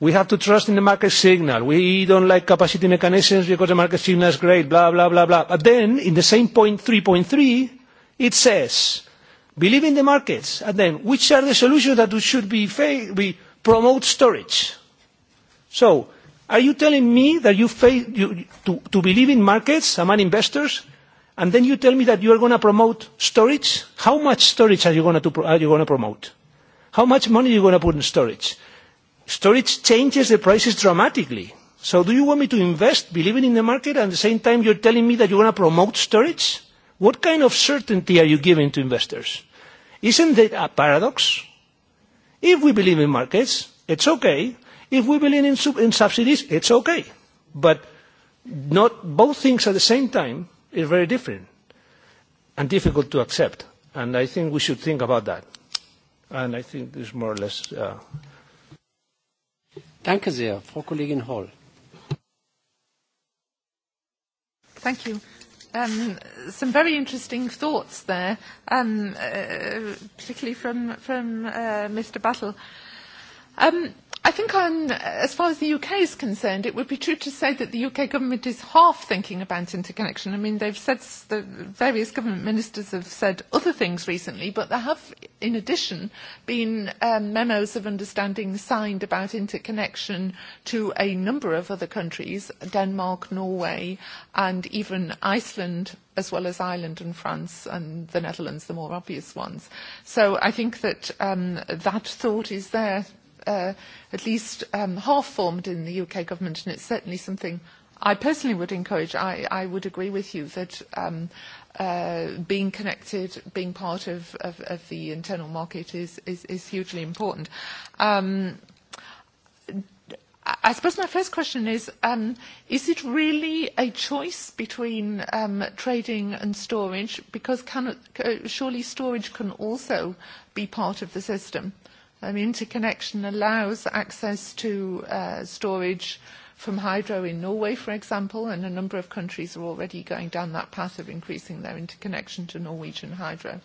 We have to trust in the market signal. We don't like capacity mechanisms because the market signal is great. Blah blah blah blah. But then, in the same point 3.3, it says believe in the markets, and then which are the solutions that should be promote storage. So, are you telling me that you to believe in markets among investors, and then you tell me that you are going to promote storage? How much storage are you going to promote? How much money are you going to put in storage? Storage changes the prices dramatically. So, do you want me to invest, believing in the market, and at the same time you're telling me that you're going to promote storage? What kind of certainty are you giving to investors? Isn't it a paradox? If we believe in markets, it's okay. If we believe in subsidies, it's okay. But not both things at the same time is very different and difficult to accept. And I think we should think about that. And I think this is more or less. Danke sehr, Frau Kollegin Hall. Thank you. Some very interesting thoughts there, particularly from Mr. Battle. I think on, as far as the UK is concerned, it would be true to say that the UK government is half thinking about interconnection. I mean, they've said, the various government ministers have said other things recently, but there have, in addition, been memos of understanding signed about interconnection to a number of other countries, Denmark, Norway, and even Iceland as well as Ireland and France and the Netherlands, the more obvious ones. So I think that that thought is there at least half-formed in the UK government, and it's certainly something I personally would encourage. I would agree with you that being connected, being part of the internal market is hugely important. I suppose my first question is, is it really a choice between trading and storage? Because surely storage can also be part of the system. Interconnection allows access to storage from hydro in Norway, for example, and a number of countries are already going down that path of increasing their interconnection to Norwegian hydro.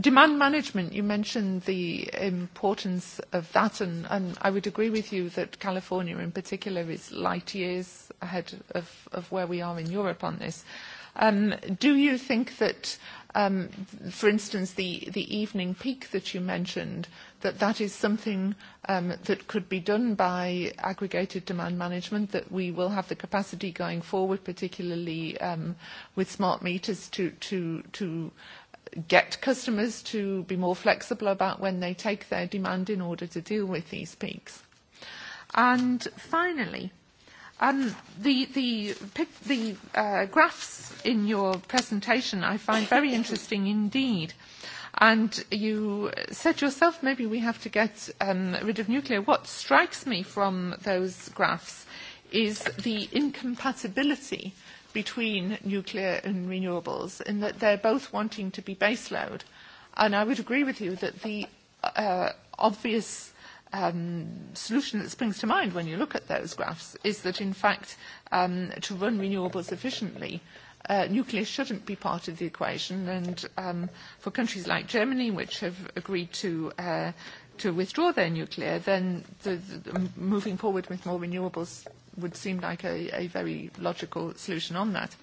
Demand management, you mentioned the importance of that, and I would agree with you that California in particular is light years ahead of where we are in Europe on this. Do you think that For instance, the evening peak that you mentioned, that that is something that could be done by aggregated demand management, that we will have the capacity going forward, particularly with smart meters, to get customers to be more flexible about when they take their demand in order to deal with these peaks. And finally, The graphs in your presentation I find very interesting indeed. And you said yourself maybe we have to get rid of nuclear. What strikes me from those graphs is the incompatibility between nuclear and renewables in that they're both wanting to be baseload. And I would agree with you that the obvious solution that springs to mind when you look at those graphs is that, in fact, to run renewables efficiently, nuclear shouldn't be part of the equation. And for countries like Germany, which have agreed to to withdraw their nuclear, then moving forward with more renewables would seem like a very logical solution on that.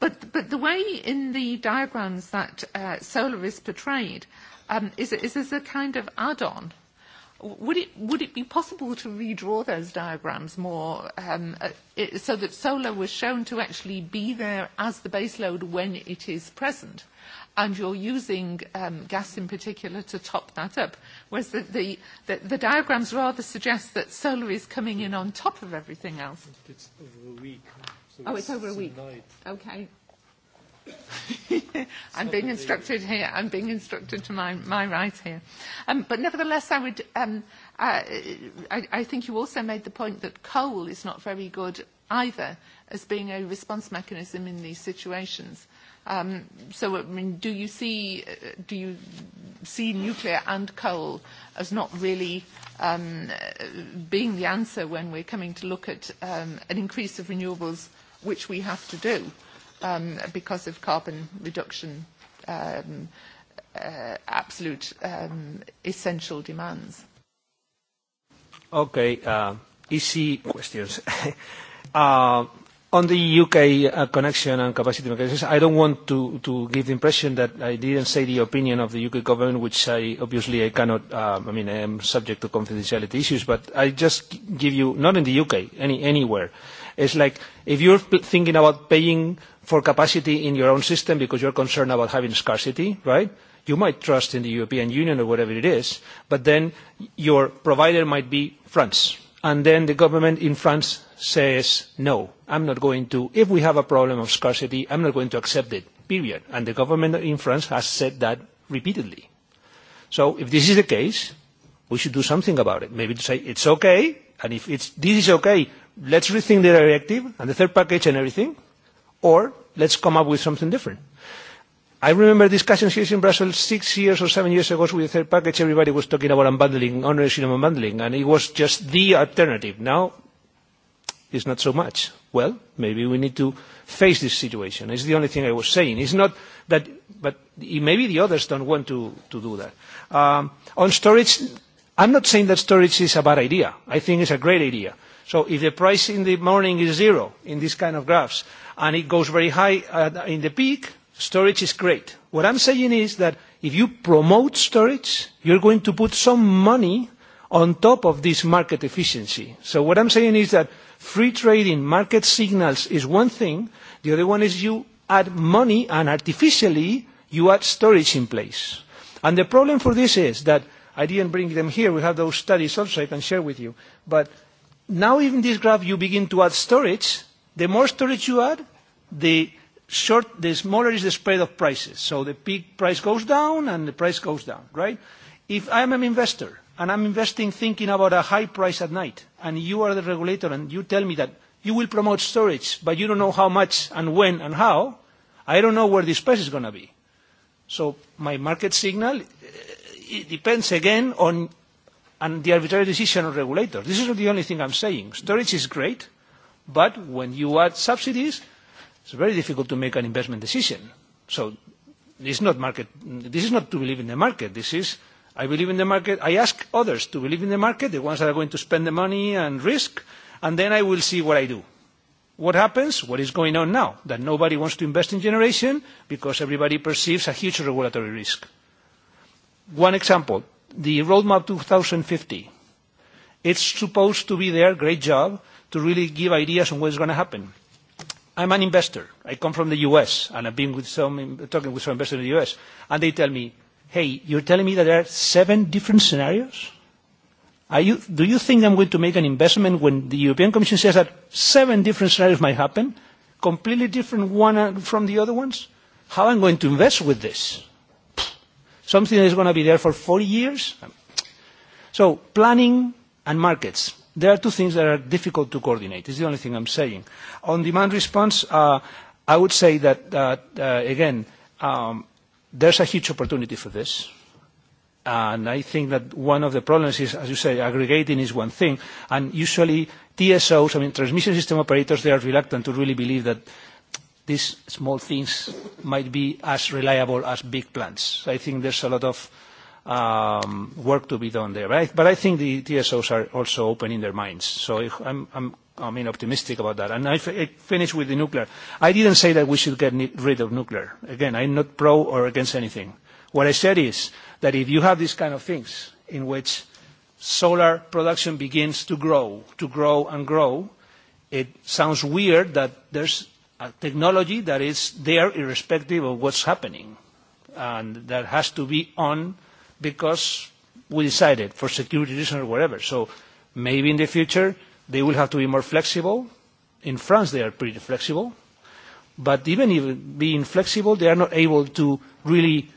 But the way in the diagrams that solar is portrayed is as a kind of add-on Would it would it be possible to redraw those diagrams more so that solar was shown to actually be there as the base load when it is present, and you're using gas in particular to top that up, whereas the the diagrams rather suggest that solar is coming in on top of everything else. It's over a week. Oh, it's over a week. Okay. I'm being instructed here. I'm being instructed to my, my right here. but nevertheless, I would. I, think you also made the point that coal is not very good either as being a response mechanism in these situations. so, I mean, do you see do you see nuclear and coal as not really being the answer when we're coming to look at an increase of renewables, which we have to do? because of carbon reduction absolute essential demands. Okay, easy questions. On the UK connection and capacity mechanisms, I don't want to give the impression that I didn't say the opinion of the UK government, which I obviously I cannot, I mean, I am subject to confidentiality issues, but I just give you, not in the UK, anywhere It's like if you're thinking about paying for capacity in your own system because you're concerned about having scarcity, right? You might trust in the European Union or whatever it is, but then your provider might be France. And then the government in France says, no, I'm not going to, if we have a problem of scarcity, I'm not going to accept it, period. And the government in France has said that repeatedly. So if this is the case, we should do something about it. Maybe to say, it's okay, and if this is okay, let's rethink the directive and the third package and everything, or let's come up with something different. I remember discussions here in Brussels six years or seven years ago with the third package. Everybody was talking about unbundling, ownership unbundling, and it was just the alternative. Now, it's not so much. Well, maybe we need to face this situation. It's the only thing I was saying. It's not that, but maybe the others don't want to, to do that. Um, on storage, I'm not saying that storage is a bad idea. I think it's a great idea. So if the price in the morning is zero in these kind of graphs and it goes very high in the peak, storage is great. What I'm saying is that if you promote storage, you're going to put some money on top of this market efficiency. So what I'm saying is that free trading market signals is one thing. The other one is you add money and artificially you add storage in place. And the problem for this is that I didn't bring them here. We have those studies also I can share with you. But Now even this graph you begin to add storage. The more storage you add, the short, the smaller is the spread of prices. So the peak price goes down and the price goes down, right? If I'm an investor and I'm investing thinking about a high price at night, and you are the regulator and you tell me that you will promote storage, but you don't know how much and when and how, I don't know where this price is going to be. So my market signal it depends again on and the arbitrary decision of regulators. This is not the only thing I'm saying. Storage is great, but when you add subsidies, it's very difficult to make an investment decision. So this is not market. This is not to believe in the market. This is I believe in the market. I ask others to believe in the market, the ones that are going to spend the money and risk, and then I will see what I do. What happens? What is going on now? That nobody wants to invest in generation because everybody perceives a huge regulatory risk. One example the roadmap 2050. It's supposed to be there, great job, to really give ideas on what's going to happen. I'm an investor. I come from the U.S. and I've been with some, talking with some investors in the U.S. and they tell me, hey, you're telling me that there are seven different scenarios? you, do you think I'm going to make an investment when the European Commission says that seven different scenarios might happen, completely different one from the other ones? How am I going to invest with this? something that is going to be there for 40 years. So planning and markets. There are two things that are difficult to coordinate. It's the only thing I'm saying. On demand response, I would say that, again, there's a huge opportunity for this. And I think that one of the problems is, as you say, aggregating is one thing. And usually TSOs, I mean, transmission system operators, they are reluctant to really believe that these small things might be as reliable as big plants. I think there's a lot of work to be done there. But I think the TSOs are also opening their minds. So I'm optimistic about that. And I finish with the nuclear. I didn't say that we should get rid of nuclear. Again, I'm not pro or against anything. What I said is that if you have these kind of things in which solar production begins to grow, to grow and grow, it sounds weird that there's a technology that is there irrespective of what's happening and that has to be on because we decided for security reasons or whatever. So maybe in the future they will have to be more flexible. In France they are pretty flexible. But even if being flexible, they are not able to really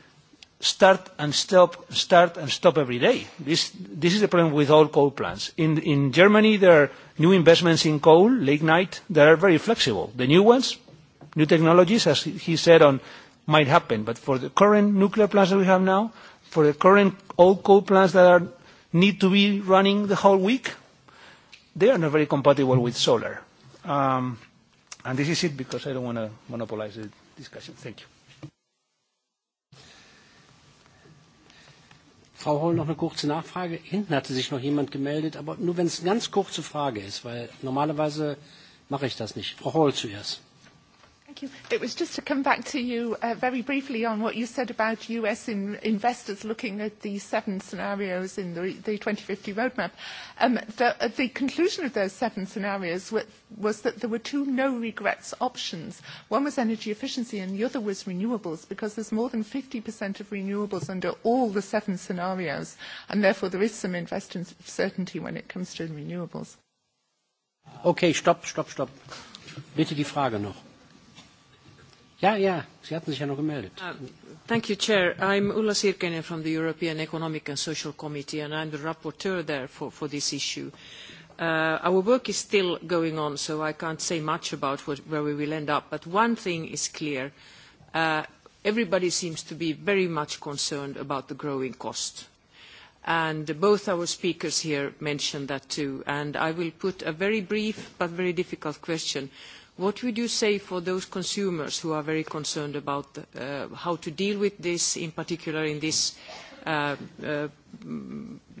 start and stop, start and stop every day. This, this is the problem with all coal plants. In, in Germany, there are new investments in coal, late night that are very flexible. The new ones, new technologies, as he said, on might happen. But for the current nuclear plants that we have now, for the current old coal plants that are, need to be running the whole week, they are not very compatible with solar. Um, and this is it because I don't want to monopolize the discussion. Thank you. Frau Holl, noch eine kurze Nachfrage. Hinten hatte sich noch jemand gemeldet, aber nur wenn es eine ganz kurze Frage ist, weil normalerweise mache ich das nicht. Frau Holl zuerst you. It was just to come back to you very briefly on what you said about US investors looking at the seven scenarios in the 2050 roadmap. The conclusion of those seven scenarios was that there were two no regrets options. One was energy efficiency and the other was renewables because there's more than 50% of renewables under all the seven scenarios and therefore there is some investment certainty when it comes to renewables. Okay, stop, stop, Bitte die Frage noch. Ja, ja, Sie hatten sich ja Thank you, Chair. I'm Ulla Sirkenen from the European Economic and Social Committee, and I'm the rapporteur there for this issue. Our work is still going on, so I can't say much about where we will end up. But one thing is clear. Everybody seems to be very much concerned about the growing cost. And both our speakers here mentioned that too. And I will put a very brief but very difficult question What would you say for those consumers who are very concerned about how to deal with this, in particular in these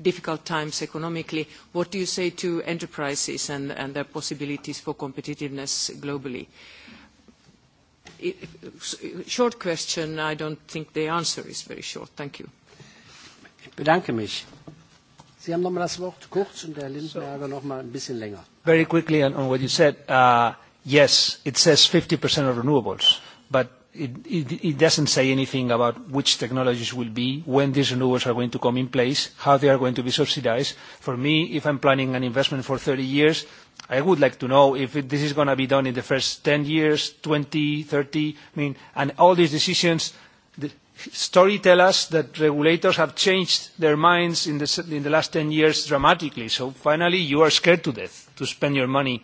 difficult times economically? What do you say to enterprises and their possibilities for competitiveness globally? Short question. I don't think the answer is very short. Thank you. Bedanke mich. Sie haben das Wort kurz und Very quickly on what you said yes, it says 50% of renewables, but it doesn't say anything about which technologies will be, when these renewables are going to come in place, how they are going to be subsidized. For me, if I'm planning an investment for 30 years, I would like to know if this is going to be done in the first 10 years, 20, 30. I mean, and all these decisions, the story tell us that regulators have changed their minds in the last 10 years dramatically. So finally, you are scared to death to spend your money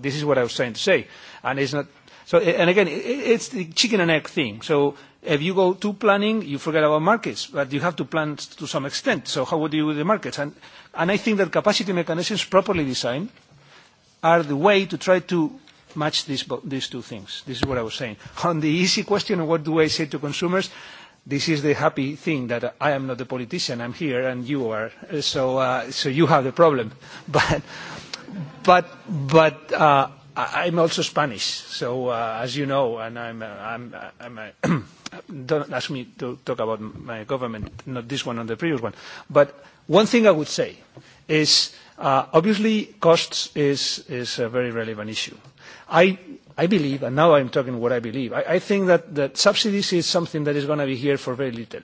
This is what I was trying to say. And it's not so. And again, it's the chicken and egg thing. So if you go to planning, you forget about markets, but you have to plan to some extent. So how would you do the markets? And and I think that capacity mechanisms properly designed are the way to try to match these these two things. This is what I was saying. On the easy question of what do I say to consumers, this is the happy thing that I am not the politician. I'm here and you are. So so you have the problem, but. But but I'm also Spanish, so as you know, and I'm I'm I'm don't ask me to talk about my government, not this one, not the previous one. But one thing I would say is obviously costs is is a very relevant issue. I I believe, and now I'm talking what I believe. I think that that subsidies is something that is going to be here for very little.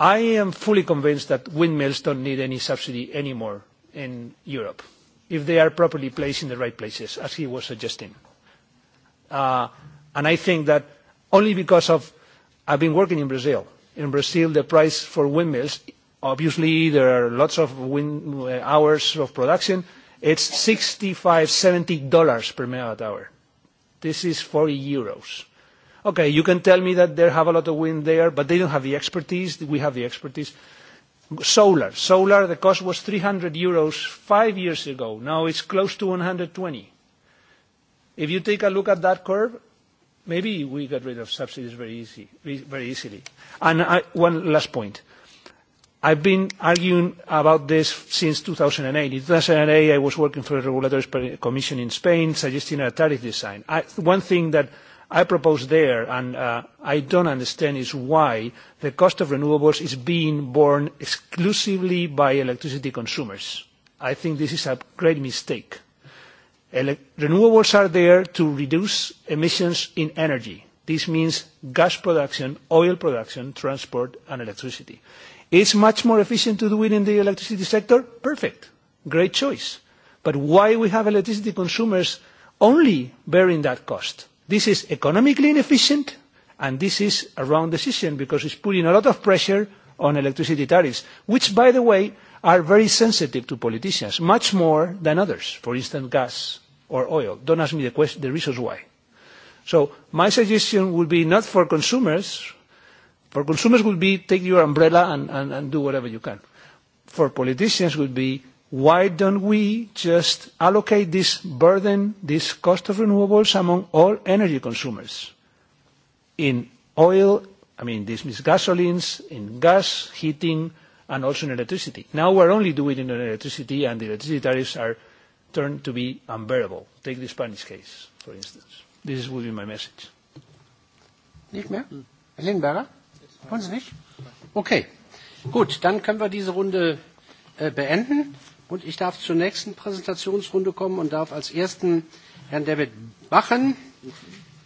I am fully convinced that windmills don't need any subsidy anymore in Europe if they are properly placed in the right places, as he was suggesting. And I think that only because of I've been working in Brazil. In Brazil, the price for windmills, obviously there are lots of hours of production. It's 65, 70 dollars per megawatt hour. This is 40 euros. Okay, you can tell me that they have a lot of wind there, but they don't have the expertise. We have the expertise. Solar. Solar, the cost was 300 euros five years ago. Now it's close to 120. If you take a look at that curve, maybe we get rid of subsidies very easily. And one last point. I've been arguing about this since 2008. In 2008, I was working for the Regulatory Commission in Spain, suggesting a tariff design. One thing that I propose there, and I don't understand, is why the cost of renewables is being borne exclusively by electricity consumers. I think this is a great mistake. Renewables are there to reduce emissions in energy. This means gas production, oil production, transport, and electricity. It's much more efficient to do it in the electricity sector? Perfect. Great choice. But why we have electricity consumers only bearing that cost? This is economically inefficient and this is a wrong decision because it's putting a lot of pressure on electricity tariffs, which, by the way, are very sensitive to politicians, much more than others, for instance, gas or oil. Don't ask me the reasons why. So my suggestion would be not for consumers. For consumers would be take your umbrella and do whatever you can. For politicians would be Why don't we just allocate this burden, this cost of renewables among all energy consumers? In oil, I mean, this means gasolines, in gas, heating, and also in electricity. Now we are only doing it in electricity, and the electricity tariffs are turned to be unbearable. Take the Spanish case, for instance. This would be my message. Nicht mehr? Lindberger? Wollen Okay. Gut, dann können wir diese Runde beenden. Und ich darf zur nächsten Präsentationsrunde kommen und darf als ersten Herrn David Bachen,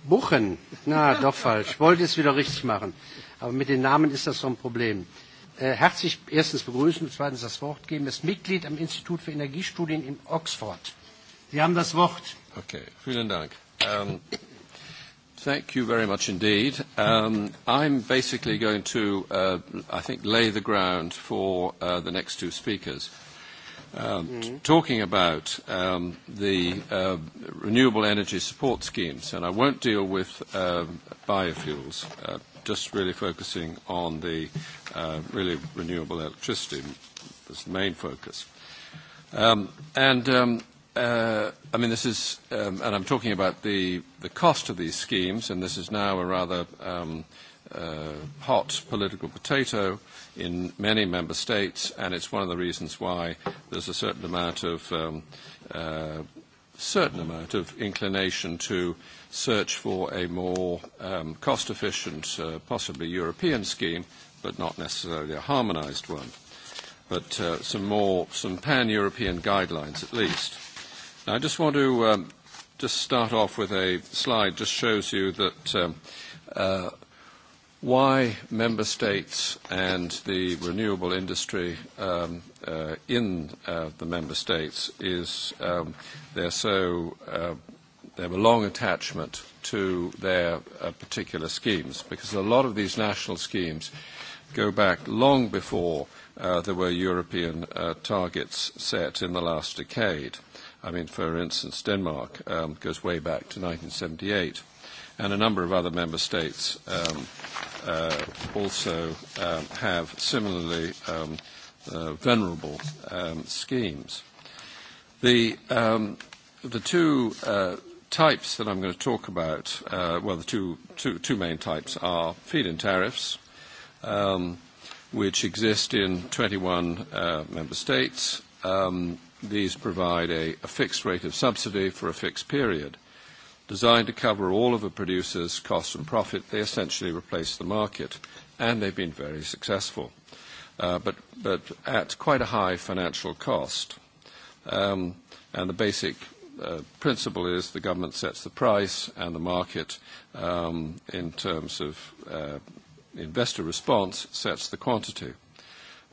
Buchen, na doch falsch, wollte es wieder richtig machen, aber mit den Namen ist das so ein Problem. Herzlich erstens begrüßen und zweitens das Wort geben. Er ist Mitglied am Institut für Energiestudien in Oxford. Sie haben das Wort. Okay, vielen Dank. Thank you very much indeed. I'm basically going to, I think, lay the ground for the next two speakers talking about the renewable energy support schemes, and I won't deal with biofuels, just really focusing on the really renewable electricity as the main focus. And I mean, this is, and I'm talking about the the cost of these schemes, and this is now a rather hot political potato in many member states, and it's one of the reasons why there's a certain amount of certain amount of inclination to search for a more cost-efficient, possibly European scheme, but not necessarily a harmonized one, but some more, some pan-European guidelines at least. I just want to just start off with a slide just shows you that why member states and the renewable industry in the member states is they're so they have a long attachment to their particular schemes because a lot of these national schemes go back long before there were European targets set in the last decade. I mean, for instance, Denmark goes way back to 1978 and a number of other member states also have similarly venerable schemes. The two types that I'm going to talk about, well, the two main types are feed-in tariffs, which exist in 21 member states. These provide a fixed rate of subsidy for a fixed period. Designed to cover all of a producer's costs and profit, they essentially replace the market, and they've been very successful, but at quite a high financial cost. And the basic principle is the government sets the price and the market, in terms of investor response, sets the quantity.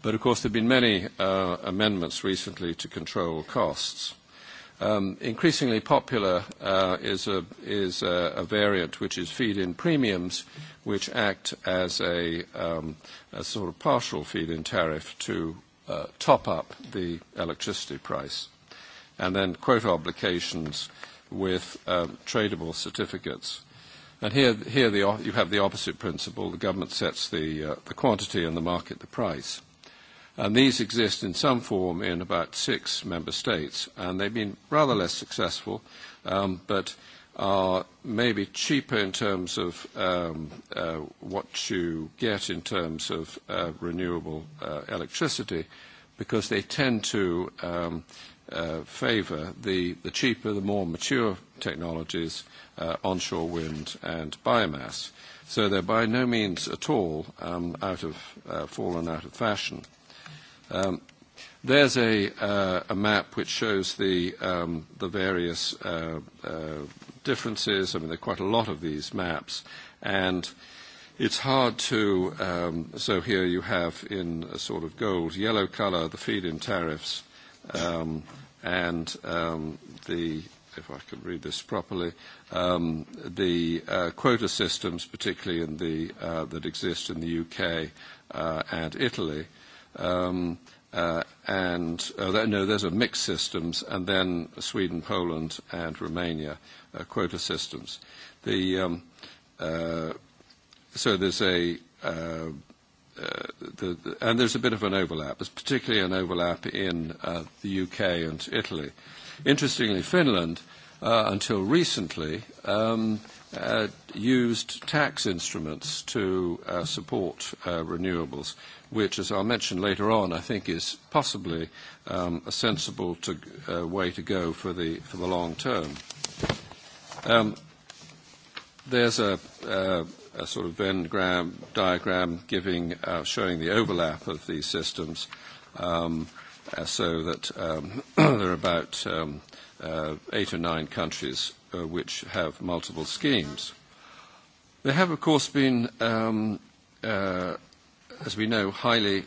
But, of course, there have been many amendments recently to control costs. Increasingly popular is a variant which is feed-in premiums, which act as a sort of partial feed-in tariff to top up the electricity price. And then quota obligations with tradable certificates. And here you have the opposite principle. The government sets the quantity and the market the price. And these exist in some form in about six member states, and they've been rather less successful, but are maybe cheaper in terms of what you get in terms of renewable electricity, because they tend to um favour the the cheaper, the more mature technologies, onshore wind and biomass. So they're by no means at all um out of fallen out of fashion. There's a map which shows the various differences. I mean, there are quite a lot of these maps, and it's hard to. So here you have in a sort of gold yellow colour the feed-in tariffs, and the, if I can read this properly, the quota systems, particularly in the that exist in the UK and Italy and no, those are mixed systems, and then Sweden, Poland, and Romania quota systems. The so there's a and there's a bit of an overlap. There's particularly an overlap in the UK and Italy. Interestingly, Finland, until recently, used tax instruments to support renewables which, as I'll mention later on, I think is possibly a sensible way to go for the for the long term. Um There's a a sort of Venn diagram giving showing the overlap of these systems, um so that there are about eight or nine countries which have multiple schemes. There have, of course, been um as we know, highly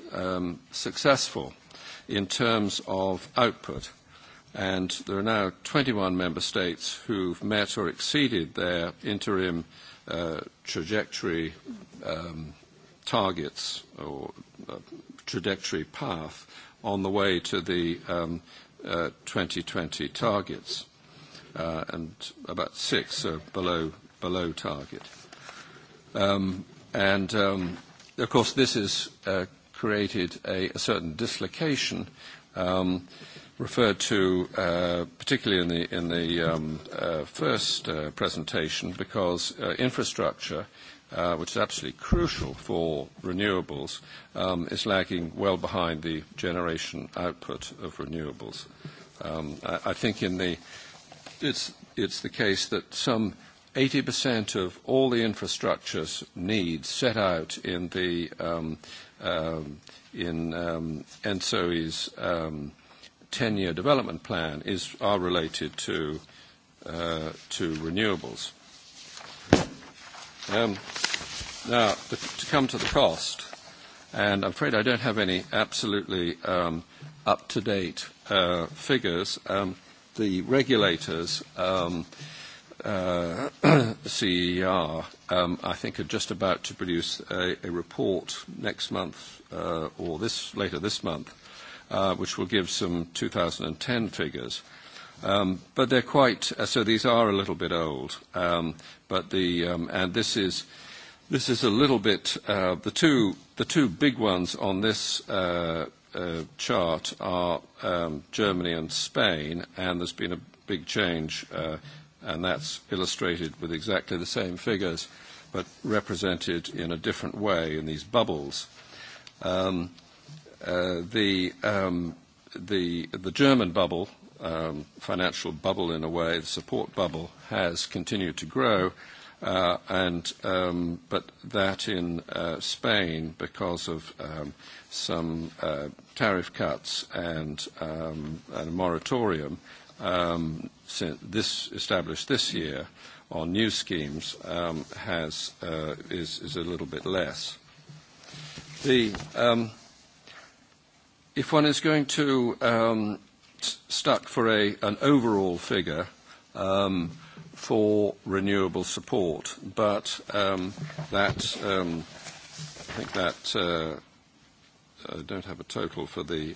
successful in terms of output. And there are now 21 member states who've met or exceeded their interim trajectory targets or trajectory path on the way to the 2020 targets. And about six are below target. And Of course, this has created a certain dislocation referred to particularly in the first presentation because infrastructure, which is absolutely crucial for renewables, is lagging well behind the generation output of renewables. I think in the it's the case that some 80% of all the infrastructures needs set out in the in ENSOE's 10-year development plan is are related to to renewables. Now, to come to the cost, and I'm afraid I don't have any absolutely up-to-date figures. The regulators CER, I think, are just about to produce a report next month or this later this month, which will give some 2010 figures. Um But they're quite so these are a little bit old. Um But the um and this is this is a little bit the two the two big ones on this chart are um Germany and Spain, and there's been a big change and that's illustrated with exactly the same figures, but represented in a different way in these bubbles. The the German bubble, financial bubble in a way, the support bubble, has continued to grow, and but that in Spain because of some tariff cuts and a moratorium this established this year on new schemes has is a little bit less. If one is going to stuck for an overall figure for renewable support, but that I think that I don't have a total for the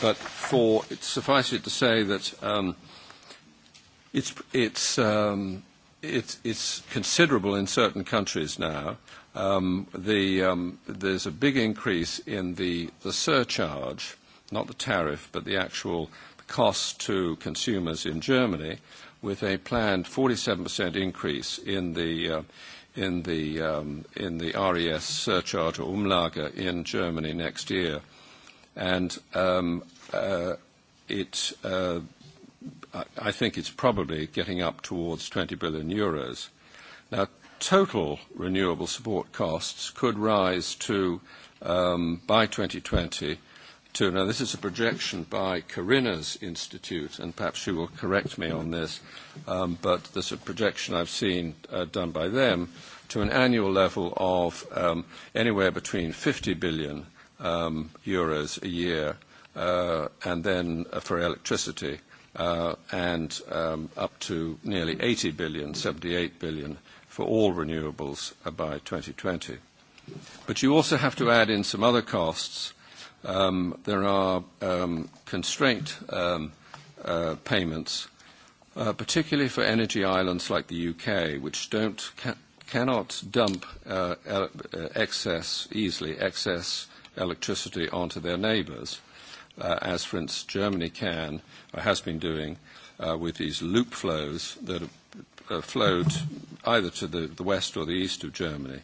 But for suffice it to say that it's it's it's considerable in certain countries now. The there's a big increase in the the surcharge, not the tariff, but the actual cost to consumers in Germany, with a planned 47% increase in the in the in the RES surcharge or Umlage in Germany next year And it, I think it's probably getting up towards 20 billion euros. Now, total renewable support costs could rise to, by 2020, to, now this is a projection by Corinna's Institute, and perhaps she will correct me on this, but there's a projection I've seen done by them, to an annual level of anywhere between 50 billion euros a year, and then for electricity, and up to nearly 80 billion, 78 billion for all renewables by 2020. But you also have to add in some other costs. There are constraint payments, particularly for energy islands like the UK, which cannot dump excess easily excess electricity onto their neighbours, as, for instance, Germany can or has been doing with these loop flows that flowed either to the west or the east of Germany.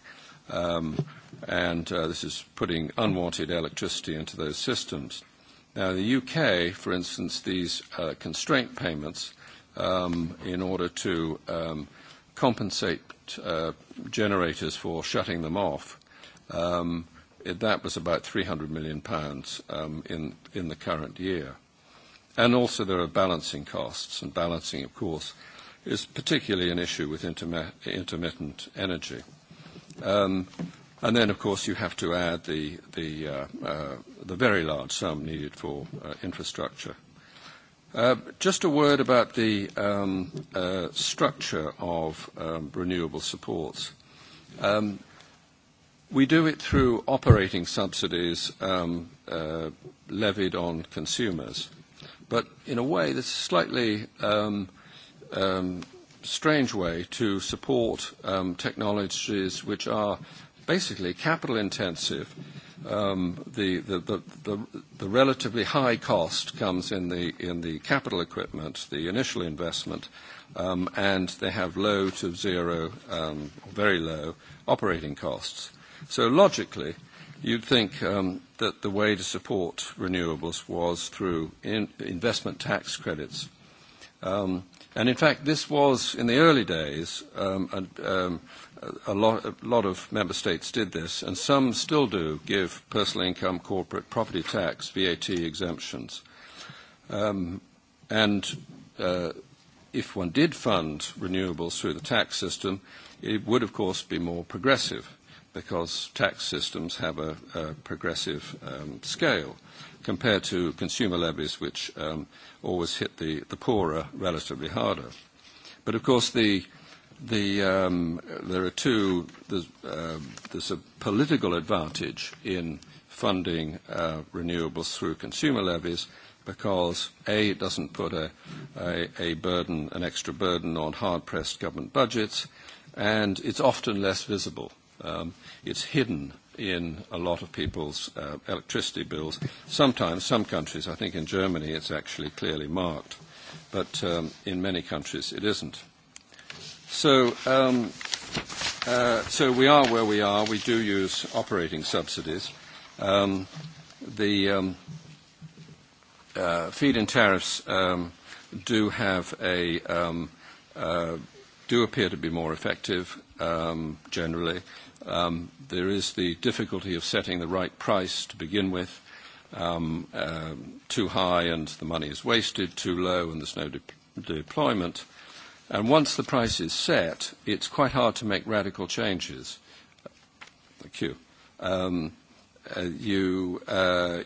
And this is putting unwanted electricity into those systems. Now, the UK, for instance, these constraint payments in order to compensate generators for shutting them off, that was about 300 million pounds in the current year. And also there are balancing costs, and balancing, of course, is particularly an issue with intermittent energy. And then, of course, you have to add the very large sum needed for infrastructure. Just a word about the structure of renewable supports. Um We do it through operating subsidies levied on consumers. But in a way, this is a slightly strange way to support technologies which are basically capital intensive. The relatively high cost comes in the capital equipment, the initial investment, and they have low to zero, very low operating costs. So logically, you'd think that the way to support renewables was through investment tax credits. And in fact, this was, in the early days, a lot of member states did this, and some still do give personal income, corporate property tax, VAT exemptions. And if one did fund renewables through the tax system, it would, of course, be more progressive because tax systems have a progressive scale compared to consumer levies which always hit the poorer relatively harder. But of course the there are two there's a political advantage in funding renewables through consumer levies because A it doesn't put a a burden an extra burden on hard pressed government budgets and it's often less visible Um It's hidden in a lot of people's electricity bills. Sometimes, some countries, I think in Germany, it's actually clearly marked, but um in many countries it isn't. So um so we are where we are. We do use operating subsidies. Um The um feed-in tariffs um do have a um do appear to be more effective um generally. There is the difficulty of setting the right price to begin with. Too high and the money is wasted, too low and there's no deployment. And once the price is set, it's quite hard to make radical changes. Thank you. You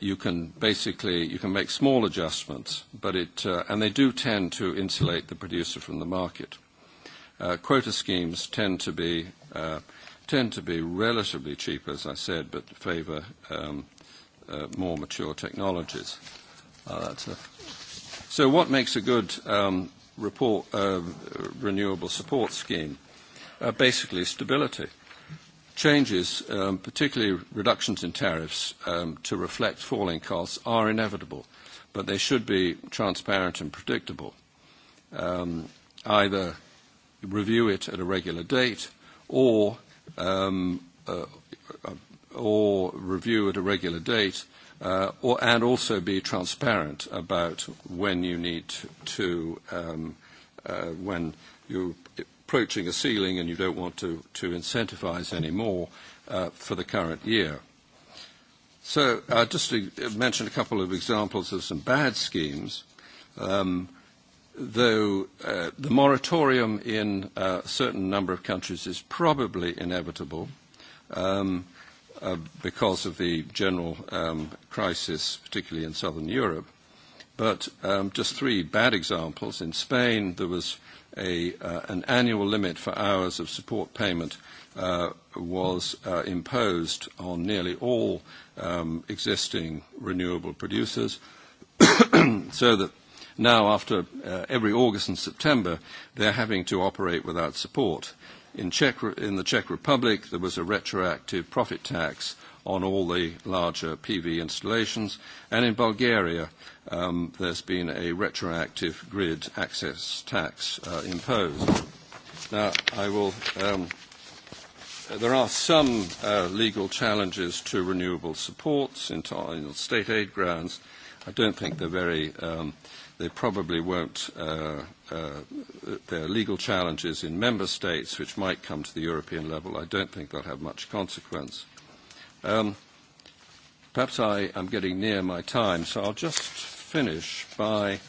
you can basically you can make small adjustments, but it and they do tend to insulate the producer from the market. Quota schemes tend to be tend to be relatively cheap, as I said, but favour more mature technologies. So what makes a good report renewable support scheme? Basically stability. Changes, particularly reductions in tariffs to reflect falling costs, are inevitable, but they should be transparent and predictable. Either review it at a regular date or or review at a regular date, and also be transparent about when you need to, when you're approaching a ceiling and you don't want to incentivize any more for the current year. So just to mention a couple of examples of some bad schemes though the moratorium in a certain number of countries is probably inevitable because of the general crisis, particularly in southern Europe. But just three bad examples. In Spain, there was an annual limit for hours of support payment was imposed on nearly all existing renewable producers so that Now, after every August and September, they're having to operate without support. In the Czech Republic, there was a retroactive profit tax on all the larger PV installations, and in Bulgaria, there's been a retroactive grid access tax imposed. Now, I will. There are some legal challenges to renewable supports in state aid grounds. I don't think they're very They probably won't. There are legal challenges in member states which might come to the European level. I don't think they'll have much consequence. Perhaps I am getting near my time, so I'll just finish by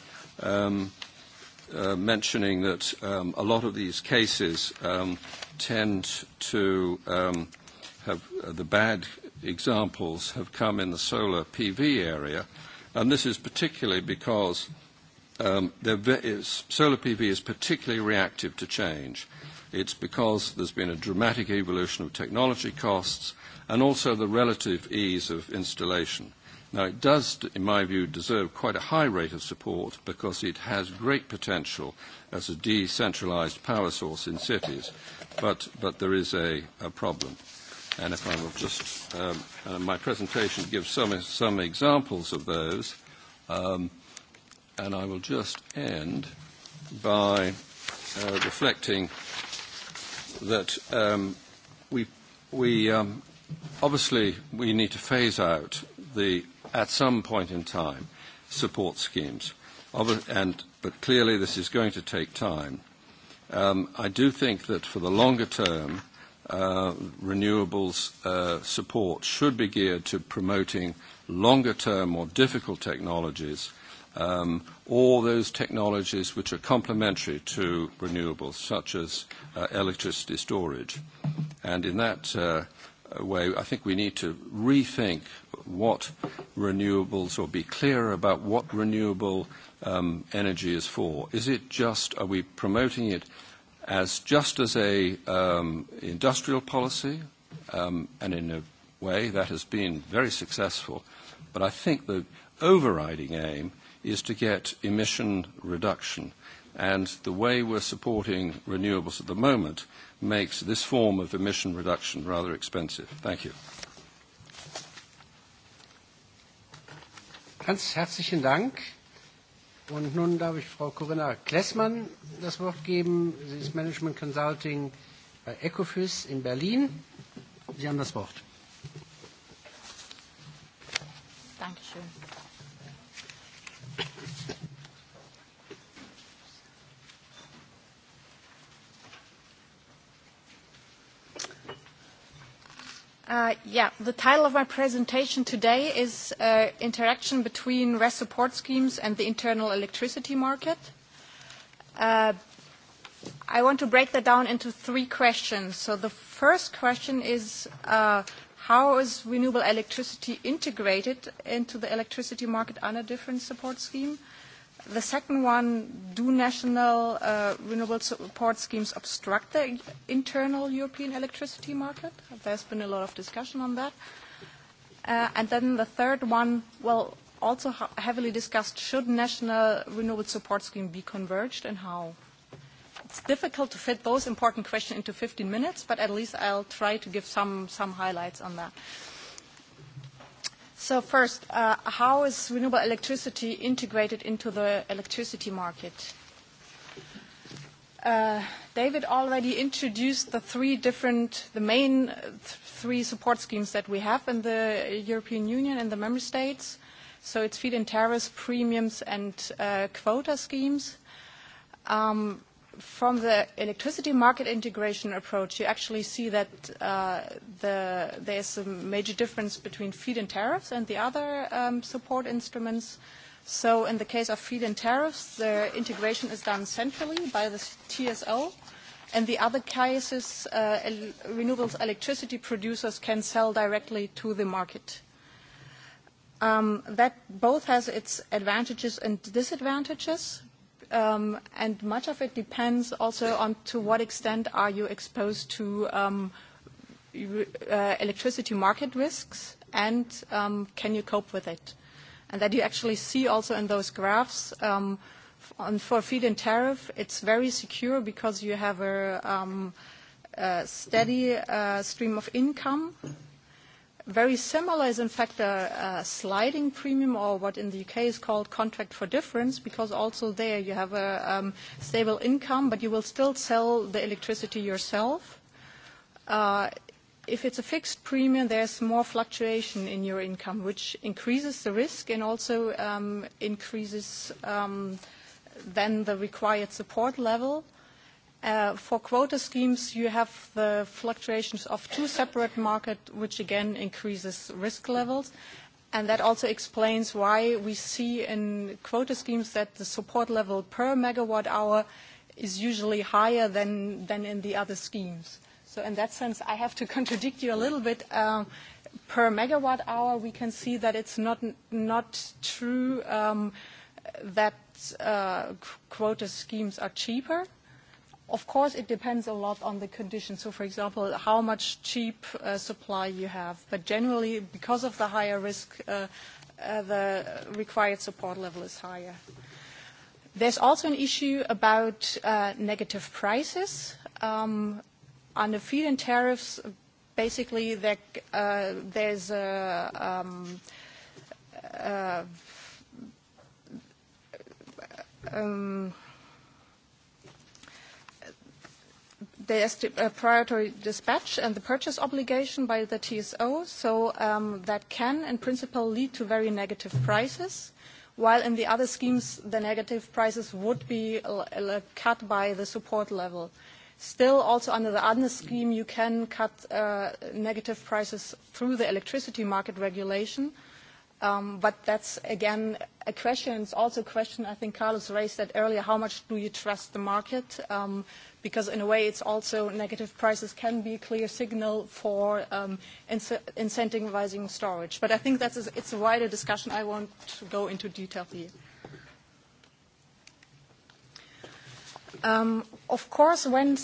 mentioning that a lot of these cases tend to have the bad examples have come in the solar PV area, and this is particularly because solar PV is particularly reactive to change. It's because there's been a dramatic evolution of technology costs and also the relative ease of installation. Now, it does, in my view, deserve quite a high rate of support because it has great potential as a decentralized power source in cities, but, but there is a, a problem. And if I will just, um, my presentation gives some, some examples of those. Um, and I will just end by reflecting that we we obviously we need to phase out the at some point in time support schemes and but clearly this is going to take time i do think that for the longer term renewables support should be geared to promoting longer term more difficult technologies all those technologies which are complementary to renewables, such as electricity storage. And in that way, I think we need to rethink what renewables, or be clear about what renewable energy is for. Is it just, are we promoting it as just as a industrial policy? And in a way, that has been very successful. But I think the overriding aim is to get emission reduction. And the way we're supporting renewables at the moment makes this form of emission reduction rather expensive. Thank you. Ganz herzlichen Dank. Und nun darf ich Frau Corinna Klessmann das Wort geben. Sie ist Management Consulting bei Ecofys in Berlin. Sie haben das Wort. Dankeschön. Yeah, the title of my presentation today is Interaction between REST support schemes and the internal electricity market. I want to break that down into three questions. So the first question is how is renewable electricity integrated into the electricity market under different support scheme? The second one, do national renewable support schemes obstruct the internal European electricity market? There's been a lot of discussion on that. And then the third one, well, also heavily discussed, should national renewable support scheme be converged and how? It's difficult to fit those important questions into 15 minutes, but at least I'll try to give some highlights on that. So first, how is renewable electricity integrated into the electricity market? David already introduced the three different, the main three support schemes that we have in the European Union and the member states. So it's feed-in tariffs, premiums, and quota schemes from the electricity market integration approach, you actually see that there is a major difference between feed-in tariffs and the other support instruments. So in the case of feed-in tariffs, the integration is done centrally by the TSO. In the other cases, renewables electricity producers can sell directly to the market. That both has its advantages and disadvantages and much of it depends also on to what extent are you exposed to electricity market risks and can you cope with it. And that you actually see also in those graphs for feed-in tariff, it's very secure because you have a steady stream of income Very similar is, in fact, a sliding premium or what in the U.K. is called contract for difference because also there you have a stable income, but you will still sell the electricity yourself. If it's a fixed premium, there's more fluctuation in your income, which increases the risk and also increases then the required support level For quota schemes, you have the fluctuations of two separate markets, which again increases risk levels. And that also explains why we see in quota schemes that the support level per megawatt hour is usually higher than in the other schemes. So in that sense, I have to contradict you a little bit. Per megawatt hour, we can see that it's not true that quota schemes are cheaper. Of course, it depends a lot on the conditions. So, for example, how much cheap supply you have. But generally, because of the higher risk, the required support level is higher. There's also an issue about negative prices. Under feed-in tariffs, basically, there's a the priority dispatch and the purchase obligation by the TSO, so that can, in principle, lead to very negative prices, while in the other schemes, the negative prices would be cut by the support level. Still, also under the ADNIS scheme, you can cut negative prices through the electricity market regulation, but that's, again, a question. It's also a question I think Carlos raised that earlier, how much do you trust the market? because in a way it's also negative prices can be a clear signal for incentivizing storage. But I think that's it's a wider discussion. I won't go into detail here. Of course, when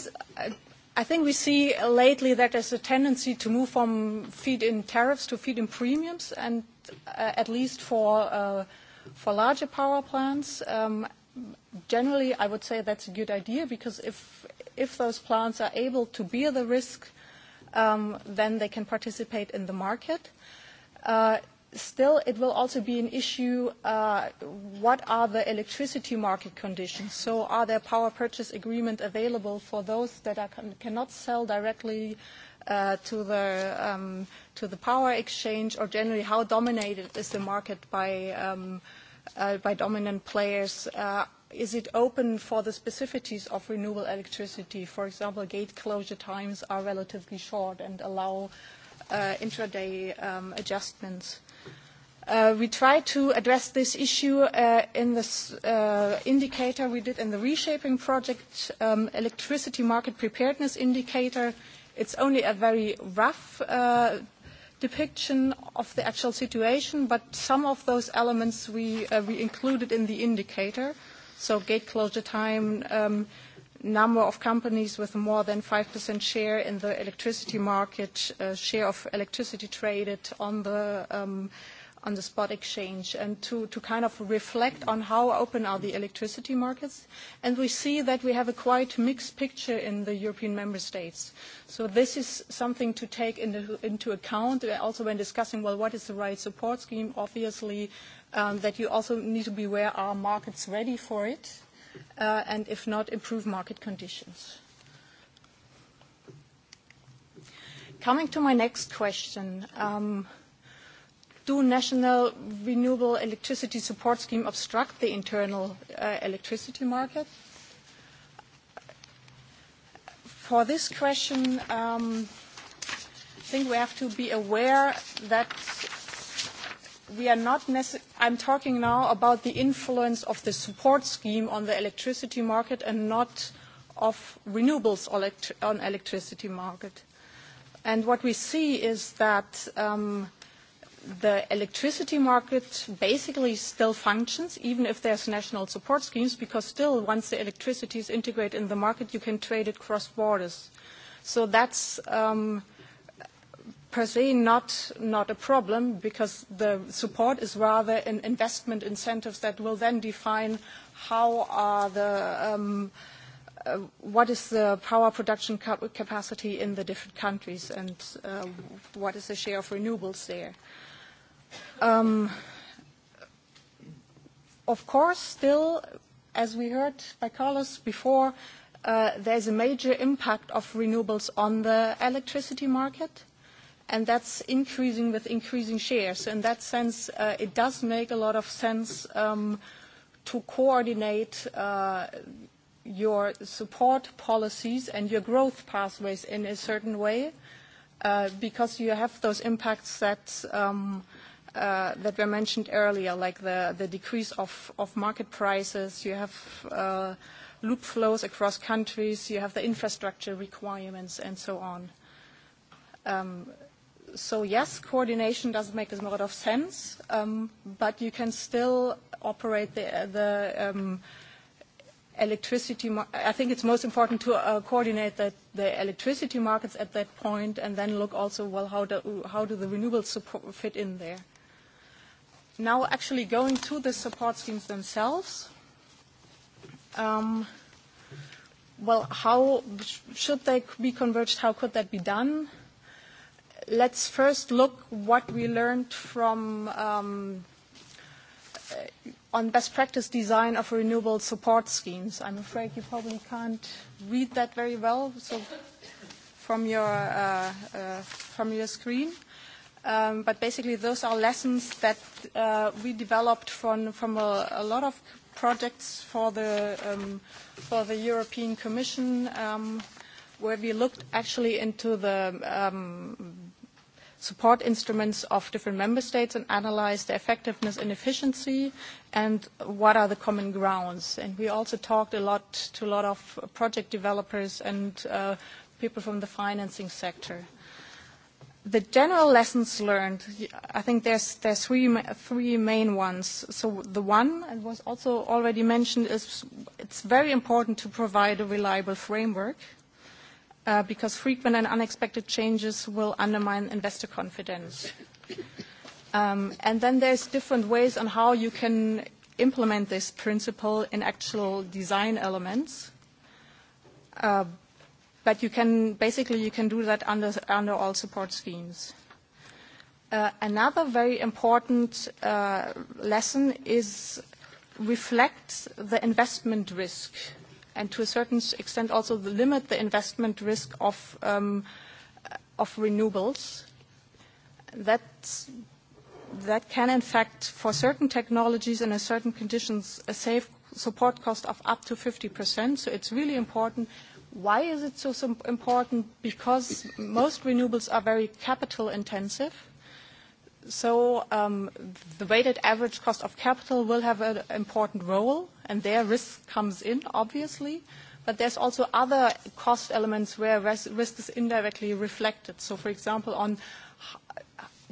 I think we see lately that there's a tendency to move from feed-in tariffs to feed-in premiums, and at least for for larger power plants. Generally, I would say that's a good idea because if if those plants are able to bear the risk, then they can participate in the market. Still, it will also be an issue what are the electricity market conditions. So are there power purchase agreements available for those that cannot sell directly to the power exchange, or generally how dominated is the market by dominant players? is it open for the specificities of renewable electricity? For example, gate closure times are relatively short and allow intraday adjustments. We tried to address this issue in this indicator we did in the reshaping project, electricity market preparedness indicator. It's only a very rough depiction of the actual situation, but some of those elements we included in the indicator so gate closure time, number of companies with more than 5% share in the electricity market, share of electricity traded on the on the spot exchange and to kind of reflect on how open are the electricity markets. And we see that we have a quite mixed picture in the European member states. So this is something to take into account also when discussing, well, what is the right support scheme, obviously, that you also need to be aware are markets ready for it, and if not, improve market conditions. Coming to my next question do national renewable electricity support scheme obstruct the internal electricity market? For this question, I think we have to be aware that we are not I'm talking now about the influence of the support scheme on the electricity market and not of renewables on electricity market. And what we see is that the electricity market basically still functions, even if there's national support schemes, because still once the electricity is integrated in the market, you can trade it cross borders. So that's per se not not a problem, because the support is rather an investment incentives that will then define how are the what is the power production capacity in the different countries and what is the share of renewables there. Of course, still, as we heard by Carlos before, there is a major impact of renewables on the electricity market, and that's increasing with increasing shares. In that sense, it does make a lot of sense to coordinate your support policies and your growth pathways in a certain way, because you have those impacts that that were mentioned earlier, like the decrease of market prices. You have loop flows across countries. You have the infrastructure requirements and so on. So yes, coordination doesn't make a lot of sense, but you can still operate the electricity. I think it's most important to coordinate the electricity markets at that point and then look also, well, how do the renewables fit in there? Now actually going to the support schemes themselves, well, how should they be converged? How could that be done? Let's first look what we learned from on best practice design of renewable support schemes. I'm afraid you probably can't read that very well, so from your from your screen. But basically, those are lessons that we developed from from a lot of projects for the for the European Commission, where we looked actually into the support instruments of different member states and analyzed the effectiveness and efficiency and what are the common grounds. And we also talked a lot to a lot of project developers and people from the financing sector. The general lessons learned, I think there's there's three three main ones. So the one, and was also already mentioned, is it's very important to provide a reliable framework, because frequent and unexpected changes will undermine investor confidence. And then there's different ways on how you can implement this principle in actual design elements But you can basically you can do that under under all support schemes. Another very important lesson is reflect the investment risk and to a certain extent also limit the investment risk of of renewables. That that can in fact for certain technologies and in certain conditions a safe support cost of up to 50%. So it's really important Why is it so important? Because most renewables are very capital intensive. So the weighted average cost of capital will have an important role, and there risk comes in, obviously. But there's also other cost elements where risk is indirectly reflected. So, for example, on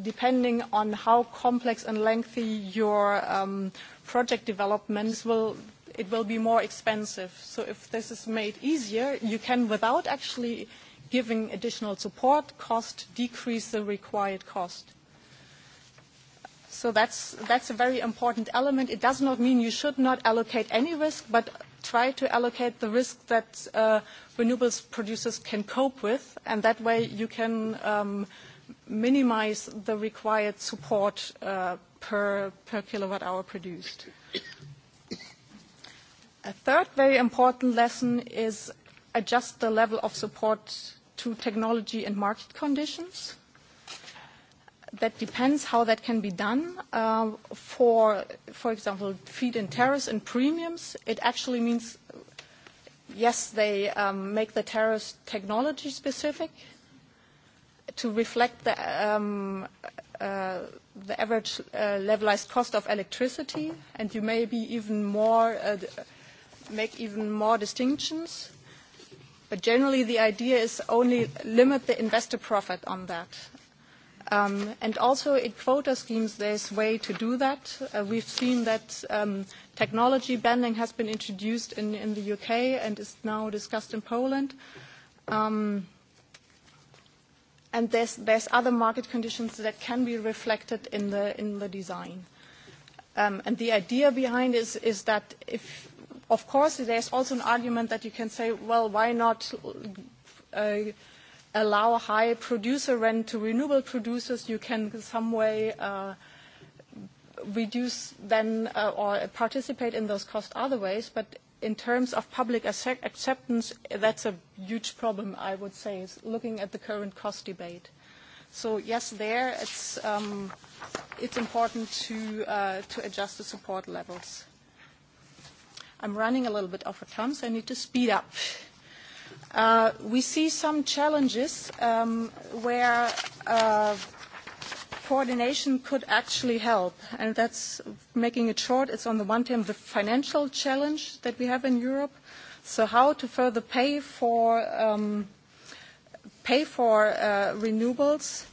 depending on how complex and lengthy your project developments will it will be more expensive. So if this is made easier, you can, without actually giving additional support cost, decrease the required cost. So that's a very important element. It does not mean you should not allocate any risk, but try to allocate the risk that renewables producers can cope with, and that way you can minimize the required support per kilowatt hour produced. A third very important lesson is adjust the level of support to technology and market conditions. That depends how that can be done. For for example, feed-in tariffs and premiums, it actually means, yes, they make the tariffs technology specific to reflect the average levelized cost of electricity, and you may be even more make even more distinctions. But generally, the idea is only limit the investor profit on that. And also in quota schemes, there's way to do that. We've seen that technology banning has been introduced in the UK and is now discussed in Poland. And there's other market conditions that can be reflected in the in the design. And the idea behind is that if Of course, there is also an argument that you can say, well, why not allow high producer rent to renewable producers? You can in some way reduce then or participate in those costs other ways. But in terms of public acceptance, that's a huge problem, I would say, looking at the current cost debate. So yes, there it's important to adjust the support levels. I'm running a little bit off over time, so I need to speed up. We see some challenges where coordination could actually help, and that's making it short. It's on the one hand the financial challenge that we have in Europe, so how to further pay for renewables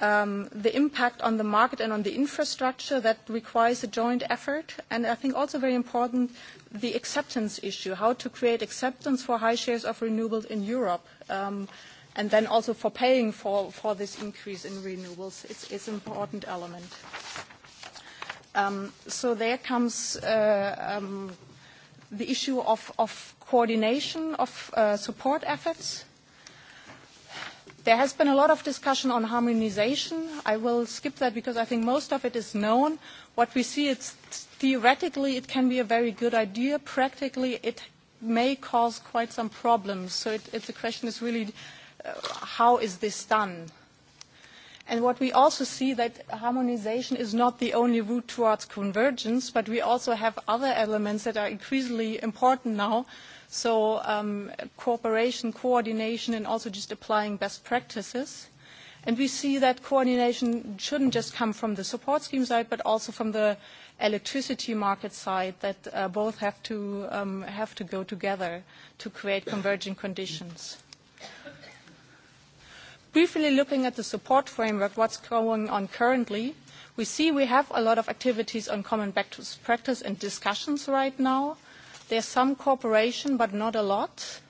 the impact on the market and on the infrastructure that requires a joint effort, and I think also very important the acceptance issue, how to create acceptance for high shares of renewables in Europe, and then also for paying for this increase in renewables. It's an important element. So there comes the issue of coordination of support efforts There has been a lot of discussion on harmonisation. I will skip that because I think most of it is known. What we see is theoretically it can be a very good idea. Practically it may cause quite some problems. So the question is really how is this done? And what we also see that harmonization is not the only route towards convergence, but we also have other elements that are increasingly important now So cooperation, coordination, and also just applying best practices. And we see that coordination shouldn't just come from the support scheme side, but also from the electricity market side, that both have to have to go together to create converging conditions. Briefly looking at the support framework, what's going on currently, we see we have a lot of activities on common best practice and discussions right now. There's some cooperation, but not a lot,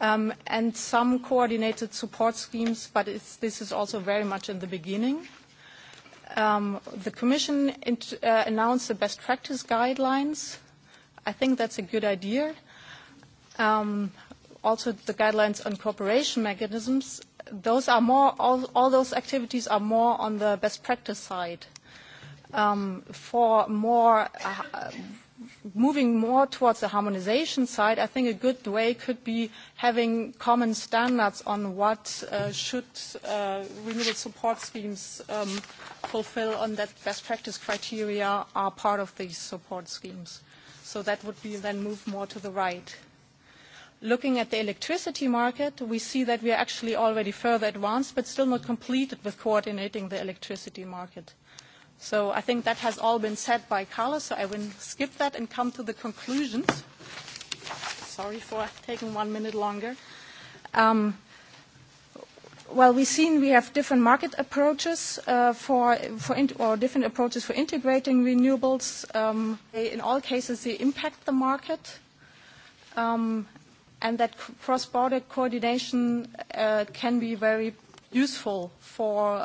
and some coordinated support schemes, but this is also very much in the beginning. The Commission announced the best practice guidelines. I think that's a good idea. Also, the guidelines on cooperation mechanisms. Those are more, all those activities are more on the best practice side. For more moving more towards the harmonisation side, I think a good way could be having common standards on what should renewable support schemes fulfil. on that best practice criteria are part of these support schemes. So that would be then move more to the right. Looking at the electricity market, we see that we are actually already further advanced, but still not completed with coordinating the electricity market. So I think that has all been said by Carlos, so I will skip that and come to the conclusions. Sorry for taking one minute longer. Well, we've seen we have different market approaches for or different approaches for integrating renewables. In all cases, they impact the market, and that cross-border coordination can be very useful for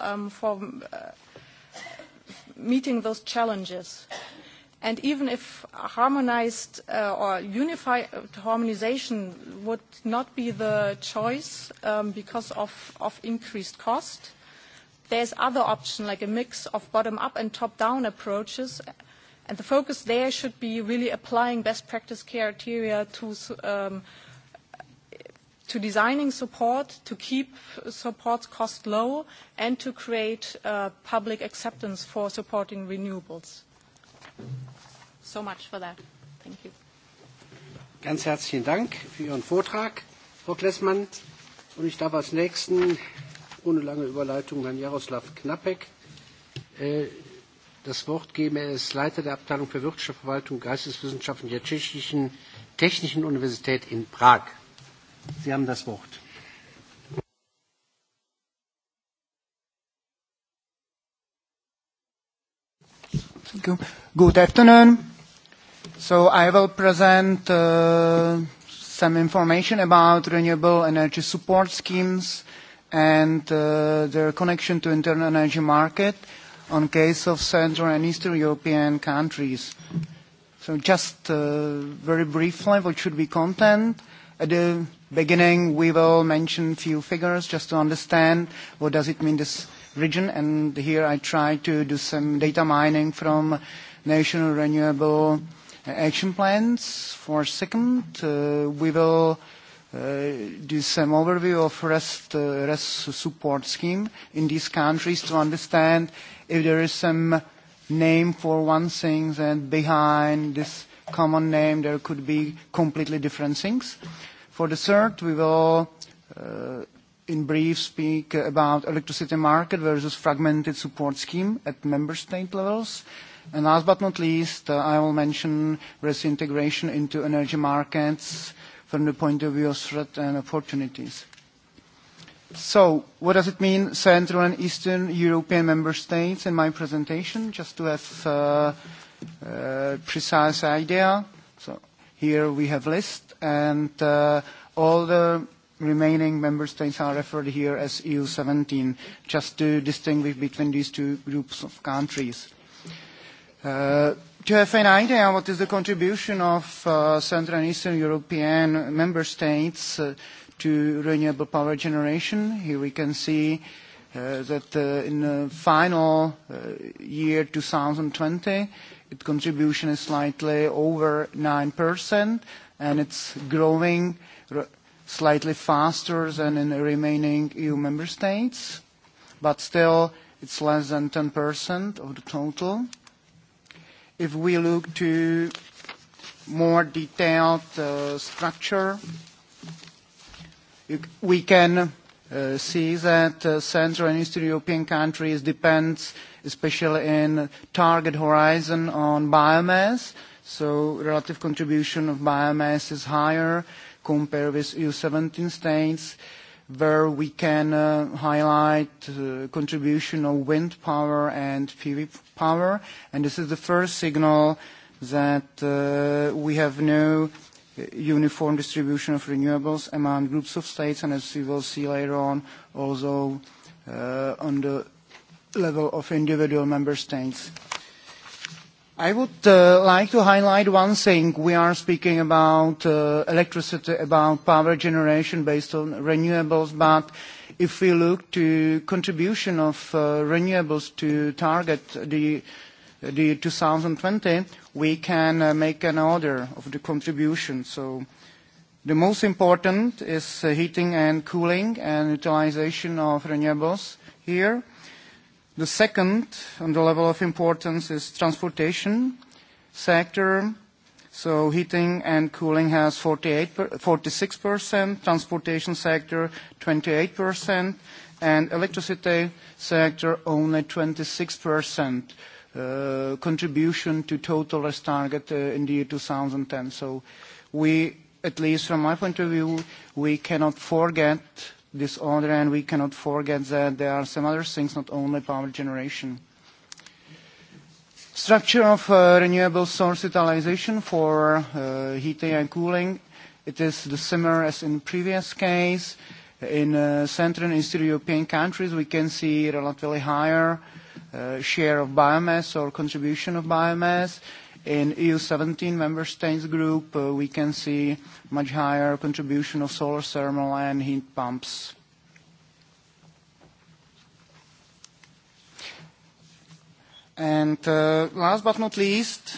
meeting those challenges. And even if harmonized or unified harmonization would not be the choice because of increased cost, there's other option like a mix of bottom-up and top-down approaches. And the focus there should be really applying best practice criteria to to designing support, to keep support cost low, and to create public acceptance for supporting renewables. So much for that. Thank you. Ganz herzlichen Dank für Ihren Vortrag, Frau Klessmann. Und ich darf als Nächsten, ohne lange Überleitung, Herrn Jaroslav Knapek das Wort geben. Er ist Leiter der Abteilung für Wirtschaftsverwaltung, Geisteswissenschaften der Tschechischen Technischen Universität in Prag. Sie haben das Wort. Good afternoon. So I will present some information about renewable energy support schemes and their connection to internal energy market on case of Central and Eastern European countries. So just very briefly, what should be content? At the beginning, we will mention few figures just to understand what does it mean this region. And here I try to do some data mining from national renewable action plans. For second, we will do some overview of REST support scheme in these countries to understand if there is some name for one thing and behind this common name there could be completely different things. For the third, we will in brief speak about electricity market versus fragmented support scheme at member state levels. And last but not least, I will mention reintegration into energy markets from the point of view of threat and opportunities. So what does it mean, Central and Eastern European member states in my presentation, just to have a precise idea. So here we have list and all the remaining member states are referred here as EU 17, just to distinguish between these two groups of countries. To have an idea what is the contribution of Central and Eastern European member states to renewable power generation, here we can see that in the final year 2020, its contribution is slightly over 9%, and it's growing slightly faster than in the remaining EU member states, but still it's less than 10% of the total. If we look to more detailed structure, we can see that Central and Eastern European countries depend, especially in target horizon, on biomass, So relative contribution of biomass is higher compared with EU 17 states, where we can highlight contribution of wind power and PV power. And this is the first signal that we have no uniform distribution of renewables among groups of states, and as we will see later on, also on the level of individual member states. I would like to highlight one thing. We are speaking about electricity, about power generation based on renewables, but if we look to contribution of renewables to target the 2020, we can make an order of the contribution. So the most important is heating and cooling and utilization of renewables here The second on the level of importance is transportation sector. So heating and cooling has 46%, transportation sector 28%, and electricity sector only 26% contribution to total as target in the year 2010. So we, at least from my point of view, we cannot forget this order, and we cannot forget that there are some other things, not only power generation. Structure of renewable source utilization for heating and cooling. It is the similar as in previous case. In Central and Eastern European countries, we can see relatively higher share of biomass or contribution of biomass. In EU-17 member states group, we can see much higher contribution of solar thermal and heat pumps. And last but not least,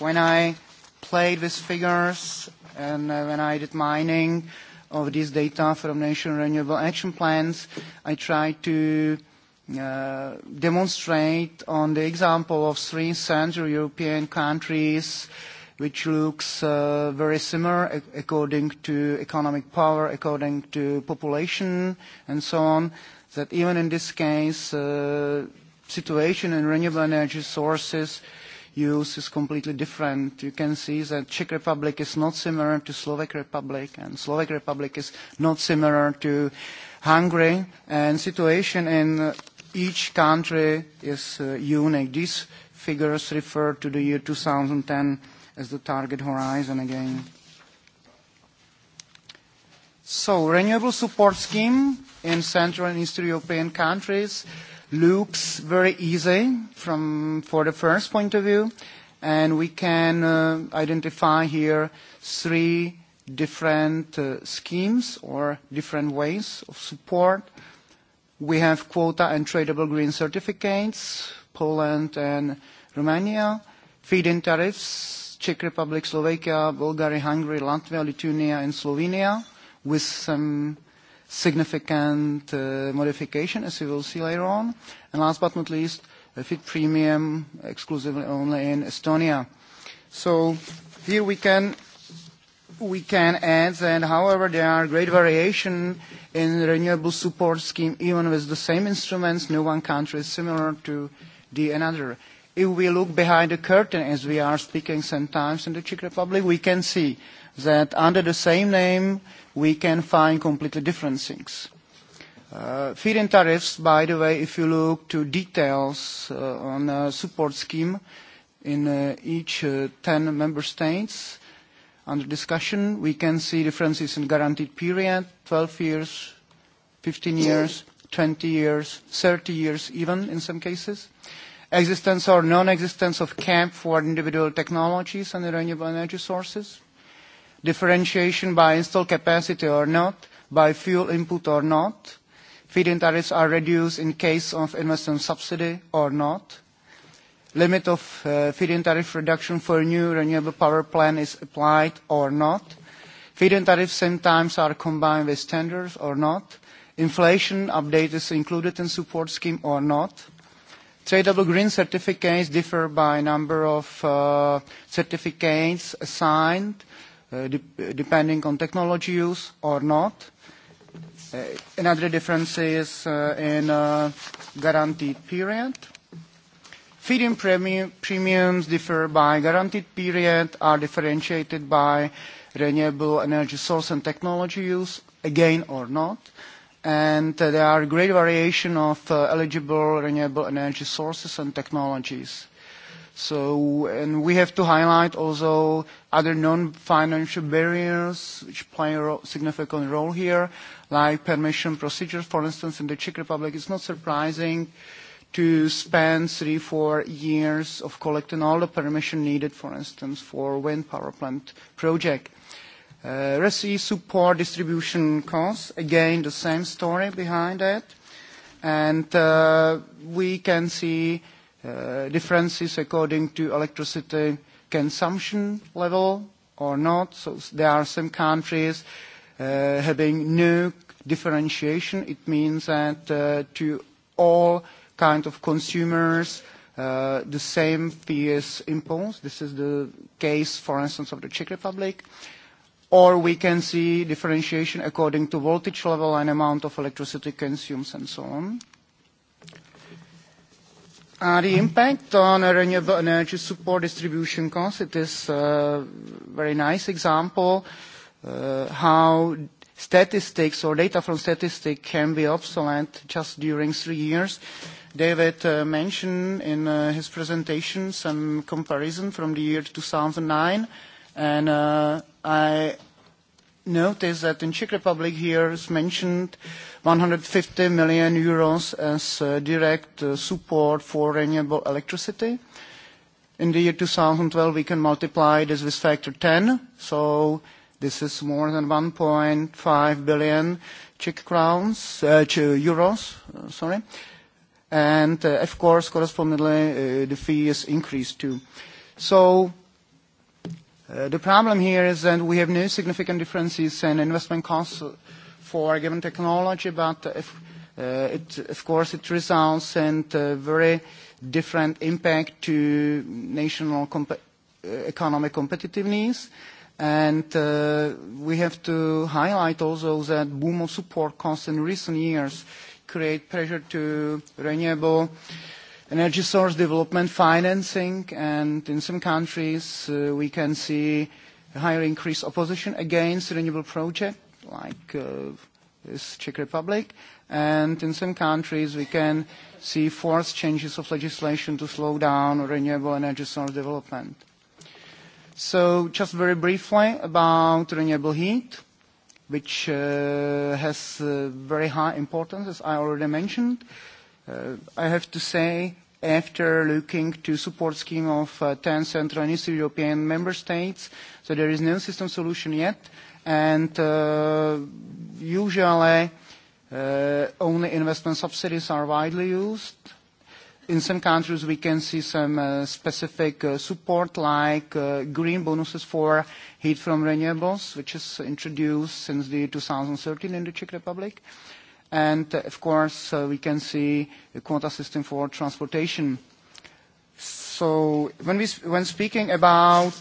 when I played with figures and when I did mining of this data from national renewable action plans, I tried to demonstrate on the example of three Central European countries which looks very similar according to economic power, according to population and so on, that even in this case situation in renewable energy sources use is completely different. You can see that Czech Republic is not similar to Slovak Republic and Slovak Republic is not similar to Hungary and situation in each country is unique. These figures refer to the year 2010 as the target horizon again. So, renewable support scheme in Central and Eastern European countries looks very easy from for the first point of view, and we can identify here three different schemes or different ways of support We have quota and tradable green certificates, Poland and Romania, feed-in tariffs, Czech Republic, Slovakia, Bulgaria, Hungary, Latvia, Lithuania, and Slovenia, with some significant modification, as you will see later on. And last but not least, a feed premium exclusively only in Estonia. So here we can we can add that, however, there are great variation in the renewable support scheme, even with the same instruments, no one country is similar to the another. If we look behind the curtain, as we are speaking sometimes in the Czech Republic, we can see that under the same name, we can find completely different things. Feed-in tariffs, by the way, if you look to details on a support scheme in each 10 member states, under discussion. We can see differences in guaranteed period, 12 years, 15 years, 20 years, 30 years even in some cases. Existence or non-existence of cap for individual technologies and renewable energy sources. Differentiation by installed capacity or not, by fuel input or not. Feed-in tariffs are reduced in case of investment subsidy or not limit of feed-in tariff reduction for new renewable power plant is applied or not. Feed-in tariffs sometimes are combined with tenders or not. Inflation update is included in support scheme or not. Tradable green certificates differ by number of certificates assigned, depending on technology use or not. Another difference is in guaranteed period. Feed-in premiums differ by guaranteed period, are differentiated by renewable energy source and technology use, again or not, and there are great variation of eligible renewable energy sources and technologies. So, and we have to highlight also other non-financial barriers which play a significant role here, like permission procedures, for instance, in the Czech Republic. It's not surprising to spend three, four years of collecting all the permission needed, for instance, for wind power plant project. reci support distribution costs, again, the same story behind it, And we can see differences according to electricity consumption level or not. So there are some countries having no differentiation. It means that to all kind of consumers the same fierce impulse. This is the case, for instance, of the Czech Republic. Or we can see differentiation according to voltage level and amount of electricity consumed and so on. The impact on renewable energy support distribution costs, it is a very nice example how statistics or data from statistics can be obsolete just during three years. David mentioned in his presentation some comparison from the year 2009, and I noticed that in Czech Republic here is mentioned 150 million euros as direct support for renewable electricity. In the year 2012, we can multiply this with factor 10, so this is more than 1.5 billion Czech crowns, euros, sorry and of course correspondingly the fee is increased too. So the problem here is that we have no significant differences in investment costs for a given technology, but of course it results in very different impact to national economic competitiveness. And we have to highlight also that boom of support costs in recent years create pressure to renewable energy source development financing, and in some countries we can see a higher increase opposition against renewable projects, like this Czech Republic, and in some countries we can see forced changes of legislation to slow down renewable energy source development. So just very briefly about renewable heat which has very high importance, as I already mentioned. I have to say, after looking to support scheme of 10 Central and Eastern European member states, so there is no system solution yet, and usually only investment subsidies are widely used In some countries we can see some specific support like green bonuses for heat from renewables, which is introduced since the 2013 in the Czech Republic. And of course we can see a quota system for transportation. So when we when speaking about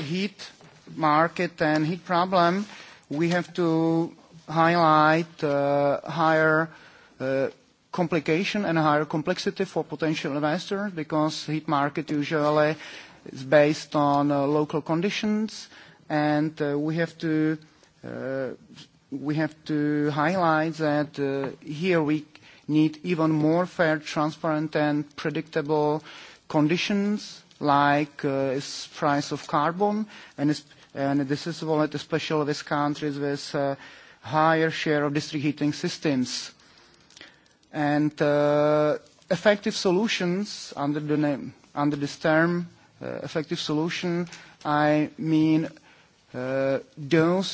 heat market and heat problem, we have to highlight higher complication and higher complexity for potential investors because heat market usually is based on local conditions and we have to highlight that here we need even more fair, transparent and predictable conditions like price of carbon and this is valid especially with countries with higher share of district heating systems and effective solutions under the name under this term effective solution i mean those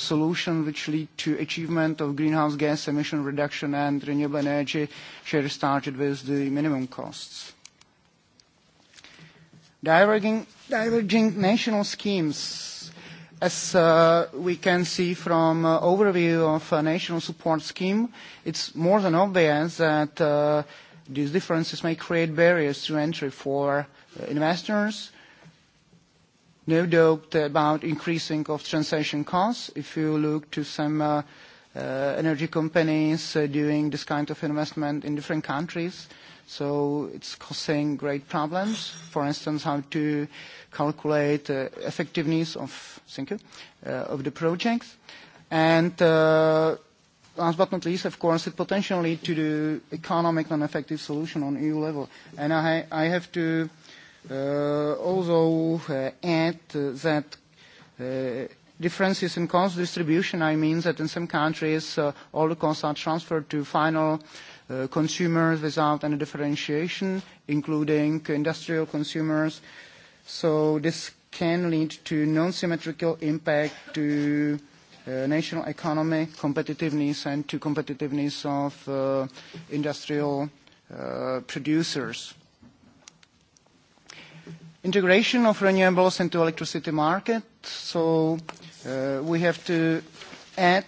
solutions which lead to achievement of greenhouse gas emission reduction and renewable energy share started with the minimum costs diverging national schemes As we can see from overview of a national support scheme, it's more than obvious that these differences may create barriers to entry for investors. No doubt about increasing of transaction costs. If you look to some energy companies doing this kind of investment in different countries, So it's causing great problems. For instance, how to calculate the effectiveness of thank you of the projects. And last but not least, of course, it potentially to the economic and effective solution on EU level. And I have to also add that differences in cost distribution, I mean that in some countries all the costs are transferred to final consumers without any differentiation, including industrial consumers. So this can lead to non-symmetrical impact to national economy, competitiveness, and to competitiveness of industrial producers. Integration of renewables into electricity market. So we have to add,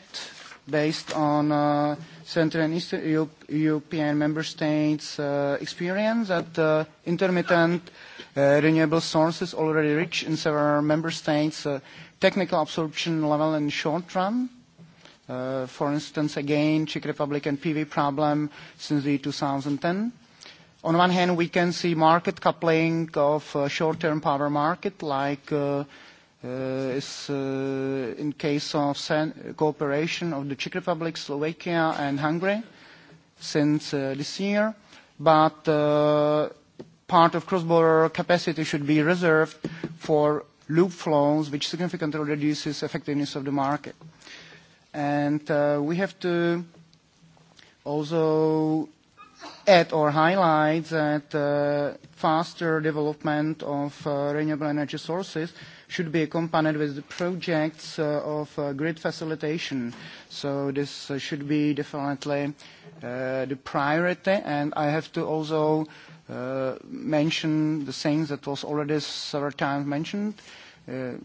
based on Central and Eastern European member states experience that intermittent renewable sources already reach in several member states technical absorption level in short run. For instance, again, Czech Republic and PV problem since the 2010. On one hand, we can see market coupling of short-term power market like is in case of cooperation of the Czech Republic, Slovakia and Hungary since this year, but part of cross-border capacity should be reserved for loop flows, which significantly reduces effectiveness of the market. And we have to also add or highlight that faster development of renewable energy sources should be accompanied with the projects of grid facilitation. So this should be definitely the priority. And I have to also mention the things that was already several times mentioned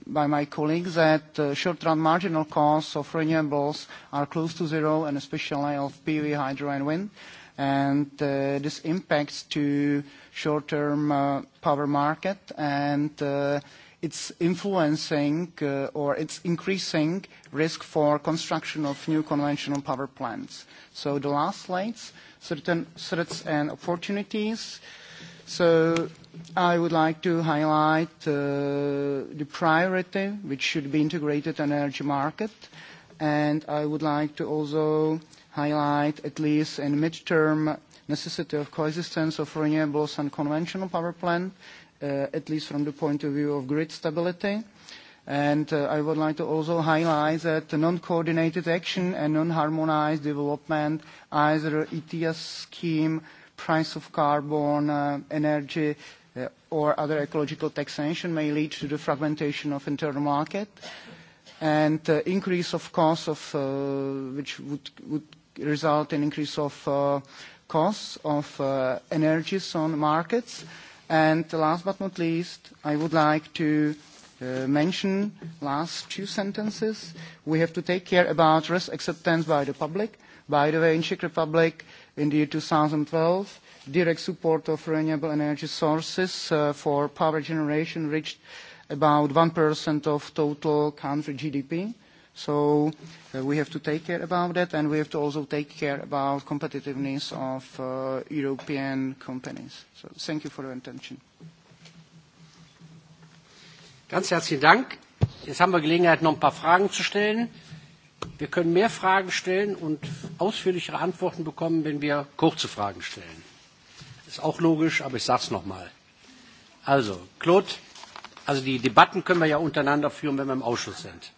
by my colleagues that short-run marginal costs of renewables are close to zero, and especially of PV, hydro, and wind. And this impacts to short-term power market and it's influencing or it's increasing risk for construction of new conventional power plants. So the last slides, certain threats and opportunities. So I would like to highlight the priority which should be integrated energy market, and I would like to also highlight, at least in mid-term, necessity of coexistence of renewables and conventional power plants at least from the point of view of grid stability. And I would like to also highlight that non-coordinated action and non-harmonized development, either ETS scheme, price of carbon, energy, or other ecological taxation, may lead to the fragmentation of internal market and increase of costs, which would result in increase of costs of energies on markets And last but not least, I would like to mention last two sentences. We have to take care about risk acceptance by the public. By the way, in Czech Republic, in the year 2012, direct support of renewable energy sources for power generation reached about 1% of total country GDP. So we have to take care about that, and we have to also take care about competitiveness of European companies. So thank you for your attention. Ganz herzlichen Dank. Jetzt haben wir Gelegenheit, noch ein paar Fragen zu stellen. Wir können mehr Fragen stellen und ausführlichere Antworten bekommen, wenn wir kurze Fragen stellen. Ist auch logisch, aber ich sage es nochmal. Also, Claude, also die Debatten können wir ja untereinander führen, wenn wir im Ausschuss sind.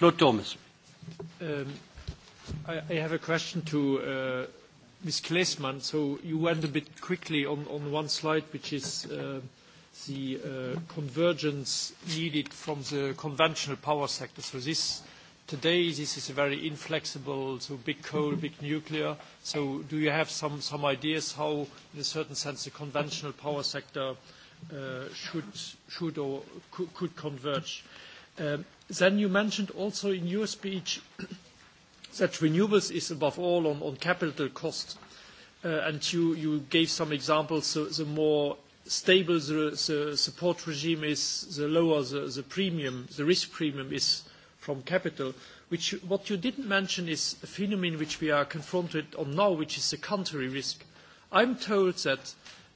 Mr Thomas. I have a question to Ms. Kleesman. So you went a bit quickly on one slide, which is the convergence needed from the conventional power sector. So this today, this is a very inflexible, so big coal, big nuclear. So do you have some ideas how, in a certain sense, the conventional power sector should or could converge? Then you mentioned also in your speech that renewables is above all on capital cost, and you gave some examples. The more stable the support regime is, the lower the premium, the risk premium is from capital. What you didn't mention is a phenomenon which we are confronted on now, which is the country risk. I'm told that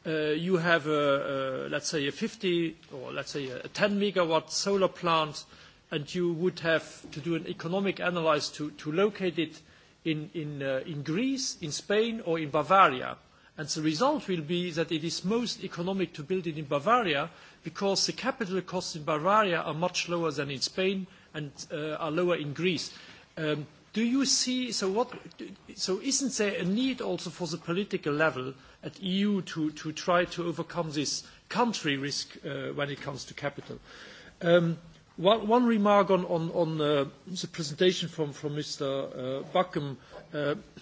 you have, let's say, a 50 or let's say a 10 megawatt solar plant, and you would have to do an economic analysis to locate it in Greece, in Spain, or in Bavaria. And the result will be that it is most economic to build it in Bavaria because the capital costs in Bavaria are much lower than in Spain and are lower in Greece. Do you see, so what, so isn't there a need also for the political level at EU to, to try to overcome this country risk when it comes to capital? One remark on, on, the presentation from, from Mr. Buckham.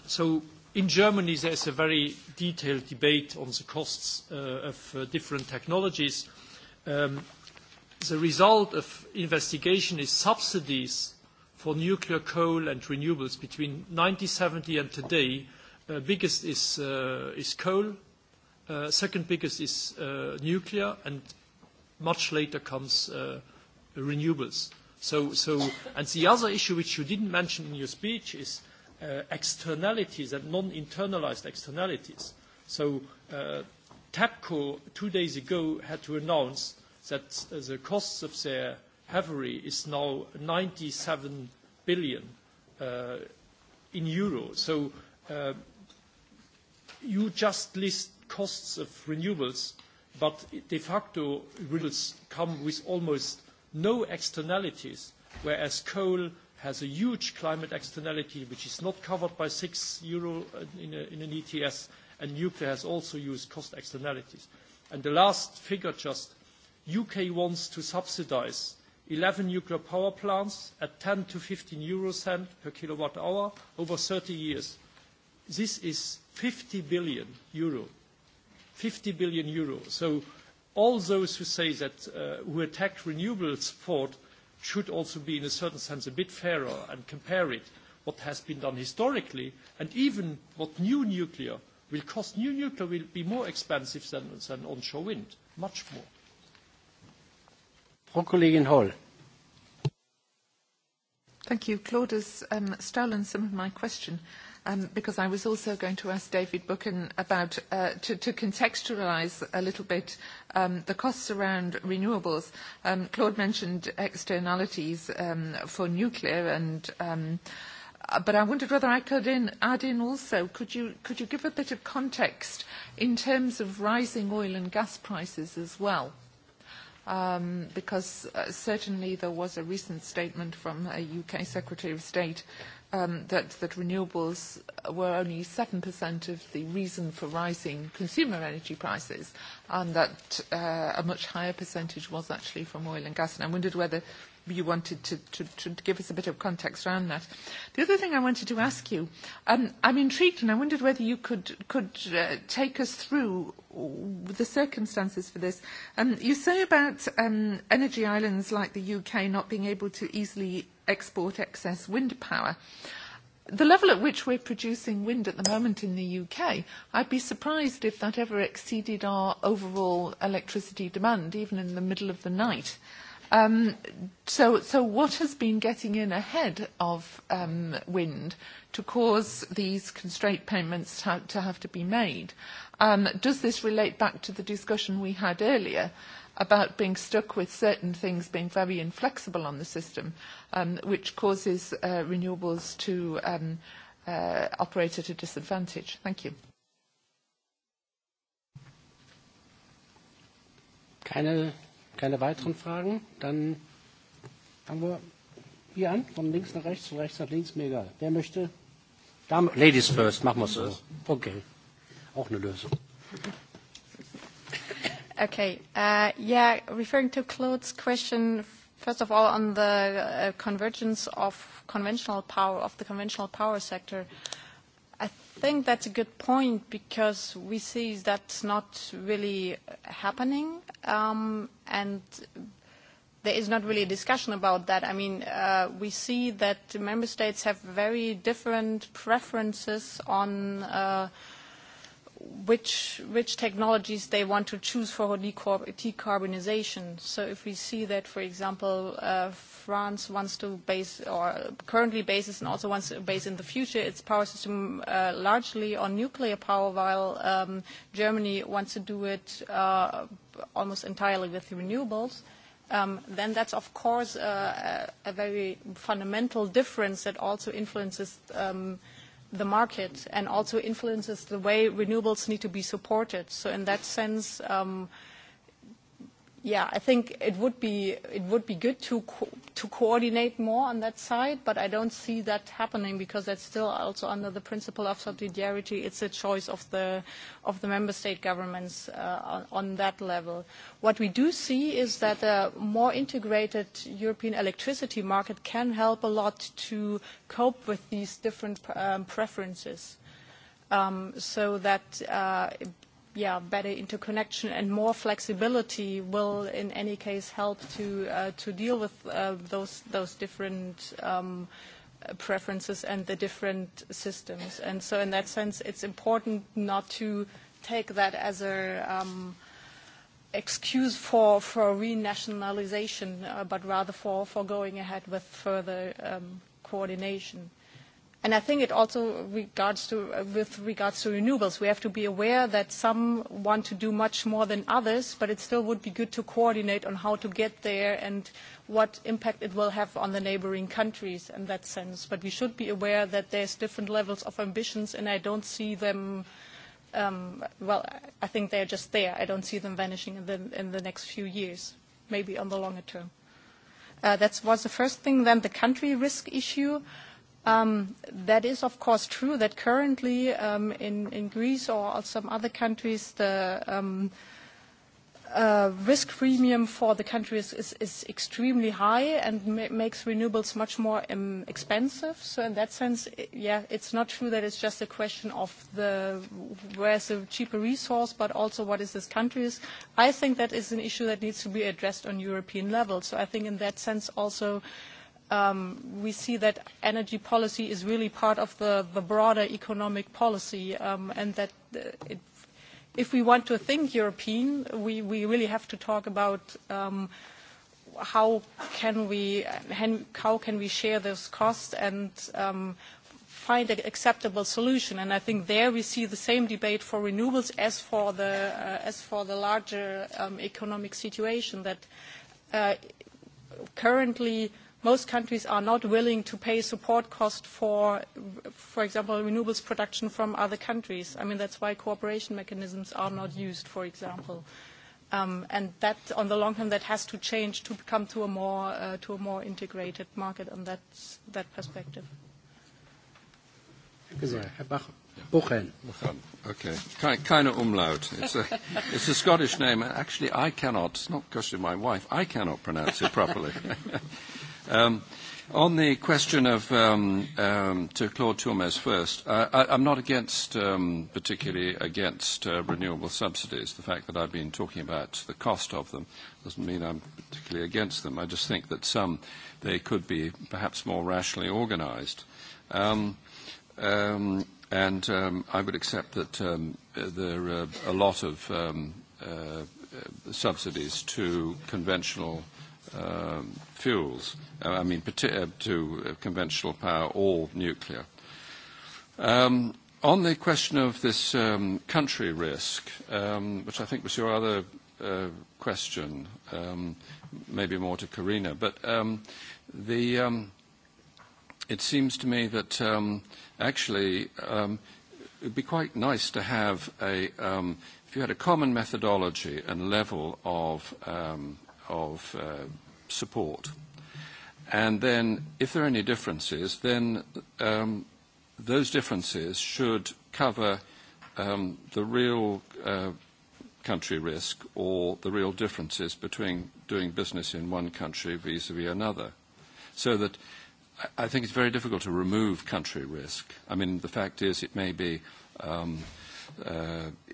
so in Germany there is a very detailed debate on the costs of different technologies. the result of investigation is subsidies for nuclear coal and renewables between 1970 and today, biggest is coal, second biggest is nuclear, and much later comes renewables. And the other issue which you didn't mention in your speech is externalities and non-internalized externalities. So TAPCO two days ago had to announce that the costs of their Havery is now 97 billion in euro. So you just list costs of renewables, but de facto renewables come with almost no externalities, whereas coal has a huge climate externality which is not covered by 6 euro in an ETS, and nuclear has also used cost externalities. And the last figure just, UK wants to subsidise 11 nuclear power plants at 10 to 15 euro cent per kilowatt hour over 30 years. This is 50 billion euro. 50 billion euro. So all those who say that who attack renewables support, should also be in a certain sense a bit fairer and compare it what has been done historically and even what new nuclear will cost. New nuclear will be more expensive than onshore wind, much more. Frau Kollegin Thank you. Claude has stolen some of my question because I was also going to ask David Buchan about to contextualise a little bit the costs around renewables. Um Claude mentioned externalities for nuclear and but I wondered whether I could add in also, could you could you give a bit of context in terms of rising oil and gas prices as well? because certainly there was a recent statement from a UK Secretary of State that renewables were only 7% of the reason for rising consumer energy prices and that a much higher percentage was actually from oil and gas. And I wondered whether you wanted to, to, to give us a bit of context around that. The other thing I wanted to ask you, I'm intrigued and I wondered whether you could, could uh, take us through the circumstances for this. you say about um, energy islands like the UK not being able to easily export excess wind power. The level at which we're producing wind at the moment in the UK, I'd be surprised if that ever exceeded our overall electricity demand, even in the middle of the night. So what has been getting in ahead of wind to cause these constraint payments to have to be made? Does this relate back to the discussion we had earlier about being stuck with certain things being very inflexible on the system, which causes renewables to operate at a disadvantage? Thank you. Keine Keine weiteren Fragen? Dann fangen wir hier an, von links nach rechts, von rechts nach links, mir egal. Wer möchte? Dame, Ladies first, machen wir es so. Okay, auch eine Lösung. Okay, uh, yeah, referring to Claude's question, first of all, on the uh, convergence of conventional power, of the conventional power sector, think that's a good point because we see that's not really happening and there is not really a discussion about that. I mean, we see that member states have very different preferences on which technologies they want to choose for decarbonization. So if we see that, for example, France wants to base, or currently bases and also wants to base in the future, its power system largely on nuclear power, while Germany wants to do it almost entirely with renewables, then that's, of course, a very fundamental difference that also influences the market and also influences the way renewables need to be supported. So in that sense, yeah, I think it would be it would be good to to coordinate more on that side, but I don't see that happening because that's still also under the principle of subsidiarity. It's a choice of the member state governments on that level. What we do see is that a more integrated European electricity market can help a lot to cope with these different preferences so that yeah, better interconnection and more flexibility will in any case help to to deal with those those different preferences and the different systems. And so in that sense, it's important not to take that as a excuse for for renationalization, but rather for for going ahead with further coordination. And I think it also regards to, with regards to renewables, we have to be aware that some want to do much more than others, but it still would be good to coordinate on how to get there and what impact it will have on the neighboring countries in that sense. But we should be aware that there's different levels of ambitions, and I don't see them, well, I think they're just there. I don't see them vanishing in the, in the next few years, maybe on the longer term. that was the first thing. Then the country risk issue. That is, of course, true that currently in Greece or some other countries, the risk premium for the country is extremely high and makes renewables much more expensive. So in that sense, yeah, it's not true that it's just a question of where is the cheaper resource, but also what is this country's. I think that is an issue that needs to be addressed on European level. So I think in that sense also we see that energy policy is really part of the broader economic policy and that if we want to think European, we really have to talk about how can we share this cost and find an acceptable solution. And I think there we see the same debate for renewables as for the larger economic situation that currently Most countries are not willing to pay support cost for, for example, renewables production from other countries. I mean, that's why cooperation mechanisms are not used, for example. And that, on the long term, that has to change to come to a more to a more integrated market on that that perspective. Okay, kind umlaut. It's a it's a Scottish name, actually I cannot. It's not because of my wife. I cannot pronounce it properly. On the question of to Claude Tourmes first, I'm not against, particularly against renewable subsidies. The fact that I've been talking about the cost of them doesn't mean I'm particularly against them. I just think that some they could be perhaps more rationally organised. And I would accept that there are a lot of subsidies to conventional fuels, I mean, to conventional power or nuclear. On the question of this country risk, which I think was your other question, maybe more to Karina, but the it seems to me that actually it would be quite nice to have a if you had a common methodology and level of of support. And then if there are any differences, then those differences should cover the real country risk or the real differences between doing business in one country vis-à-vis another. So that I think it's very difficult to remove country risk. I mean, the fact is it may be um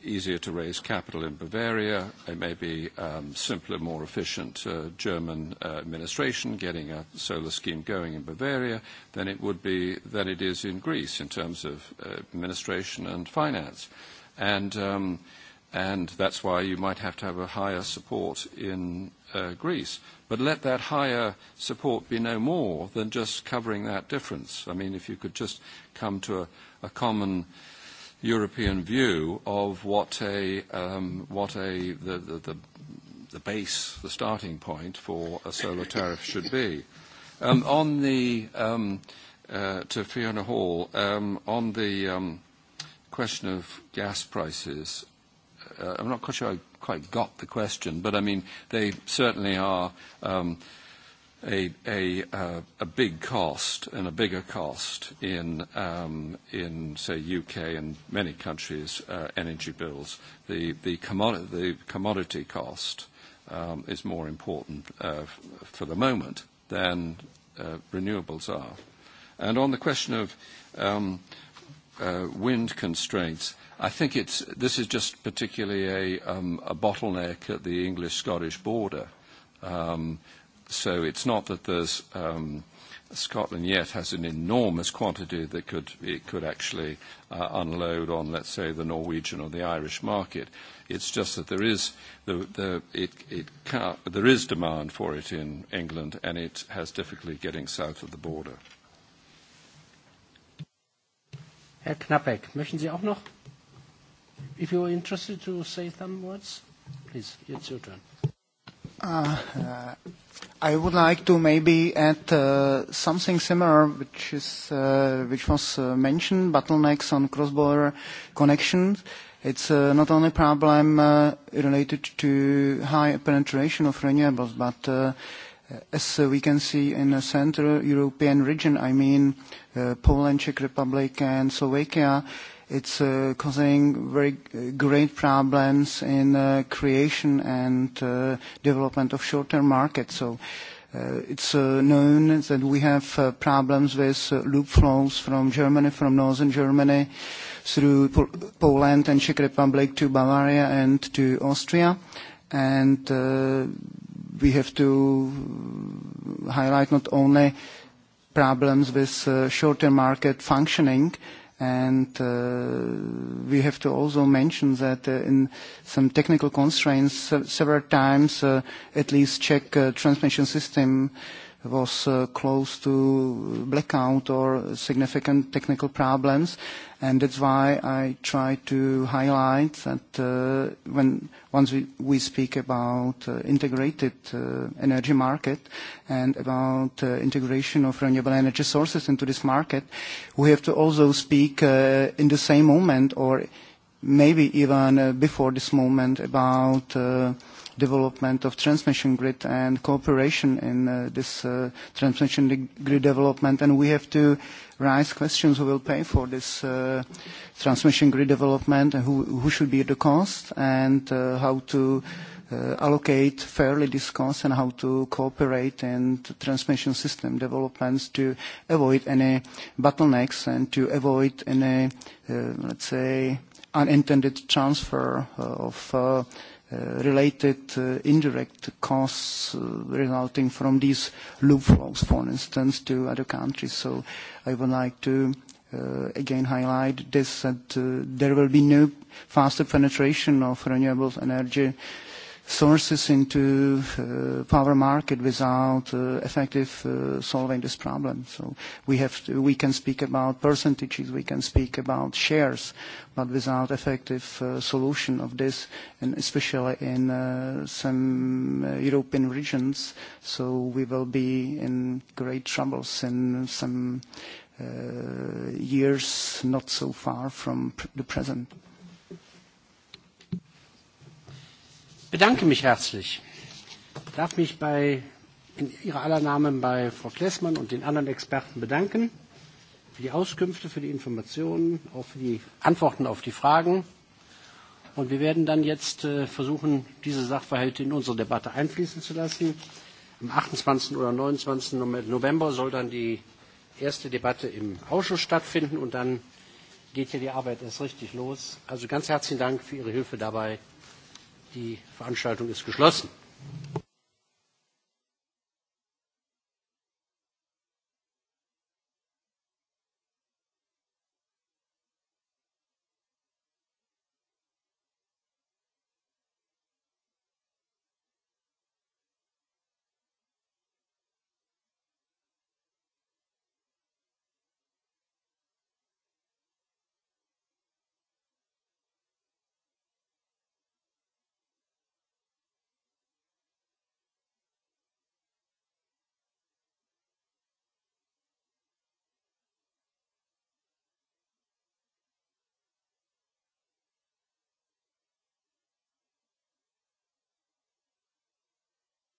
easier to raise capital in Bavaria. It may be simpler, more efficient German administration getting a solar scheme going in Bavaria than it would be than it is in Greece in terms of administration and finance. And and that's why you might have to have a higher support in Greece. But let that higher support be no more than just covering that difference. I mean, if you could just come to a common European view of what a what a the the the base, the starting point for a solar tariff should be. On the to Fiona Hall on the question of gas prices, I'm not quite sure I quite got the question, but I mean they certainly are a big cost and a bigger cost in, in say, UK and many countries' energy bills. The commodity cost is more important for the moment than renewables are. And on the question of wind constraints, I think it's this is just particularly a bottleneck at the English-Scottish border. So it's not that there's Scotland yet has an enormous quantity that could it could actually unload on, let's say, the Norwegian or the Irish market. It's just that there is the it it there is demand for it in England, and it has difficulty getting south of the border. Herr Knappek, möchten Sie auch noch? If you are interested to say some words, please, it's your turn. I would like to maybe add something similar, which is which was mentioned, bottlenecks on cross-border connections. It's not only a problem related to high penetration of renewables, but as we can see in the Central European region, I mean Poland, Czech Republic and Slovakia, It's causing very great problems in creation and development of short-term markets. So it's known that we have problems with loop flows from Germany, from northern Germany, through Poland and Czech Republic to Bavaria and to Austria. And we have to highlight not only problems with short-term market functioning, And we have to also mention that in some technical constraints, several times at least check transmission system was close to blackout or significant technical problems. And that's why I try to highlight that when once we speak about integrated energy market and about integration of renewable energy sources into this market, we have to also speak in the same moment or maybe even before this moment about development of transmission grid and cooperation in this transmission grid development. And we have to raise questions who will pay for this transmission grid development and who should be the cost and how to allocate fairly this cost and how to cooperate in transmission system developments to avoid any bottlenecks and to avoid any, let's say, unintended transfer of related indirect costs resulting from these loop flows, for instance, to other countries. So I would like to again highlight this, that there will be no faster penetration of renewable energy sources into power market without effective solving this problem. So we have we can speak about percentages, we can speak about shares, but without effective solution of this, and especially in some European regions, so we will be in great troubles in some years not so far from the present. Ich bedanke mich herzlich. Ich darf mich bei, in Ihrer aller Namen bei Frau Klessmann und den anderen Experten bedanken für die Auskünfte, für die Informationen, auch für die Antworten auf die Fragen. Und wir werden dann jetzt versuchen, diese Sachverhalte in unsere Debatte einfließen zu lassen. Am 28. oder 29. November soll dann die erste Debatte im Ausschuss stattfinden und dann geht hier die Arbeit erst richtig los. Also ganz herzlichen Dank für Ihre Hilfe dabei. Die Veranstaltung ist geschlossen.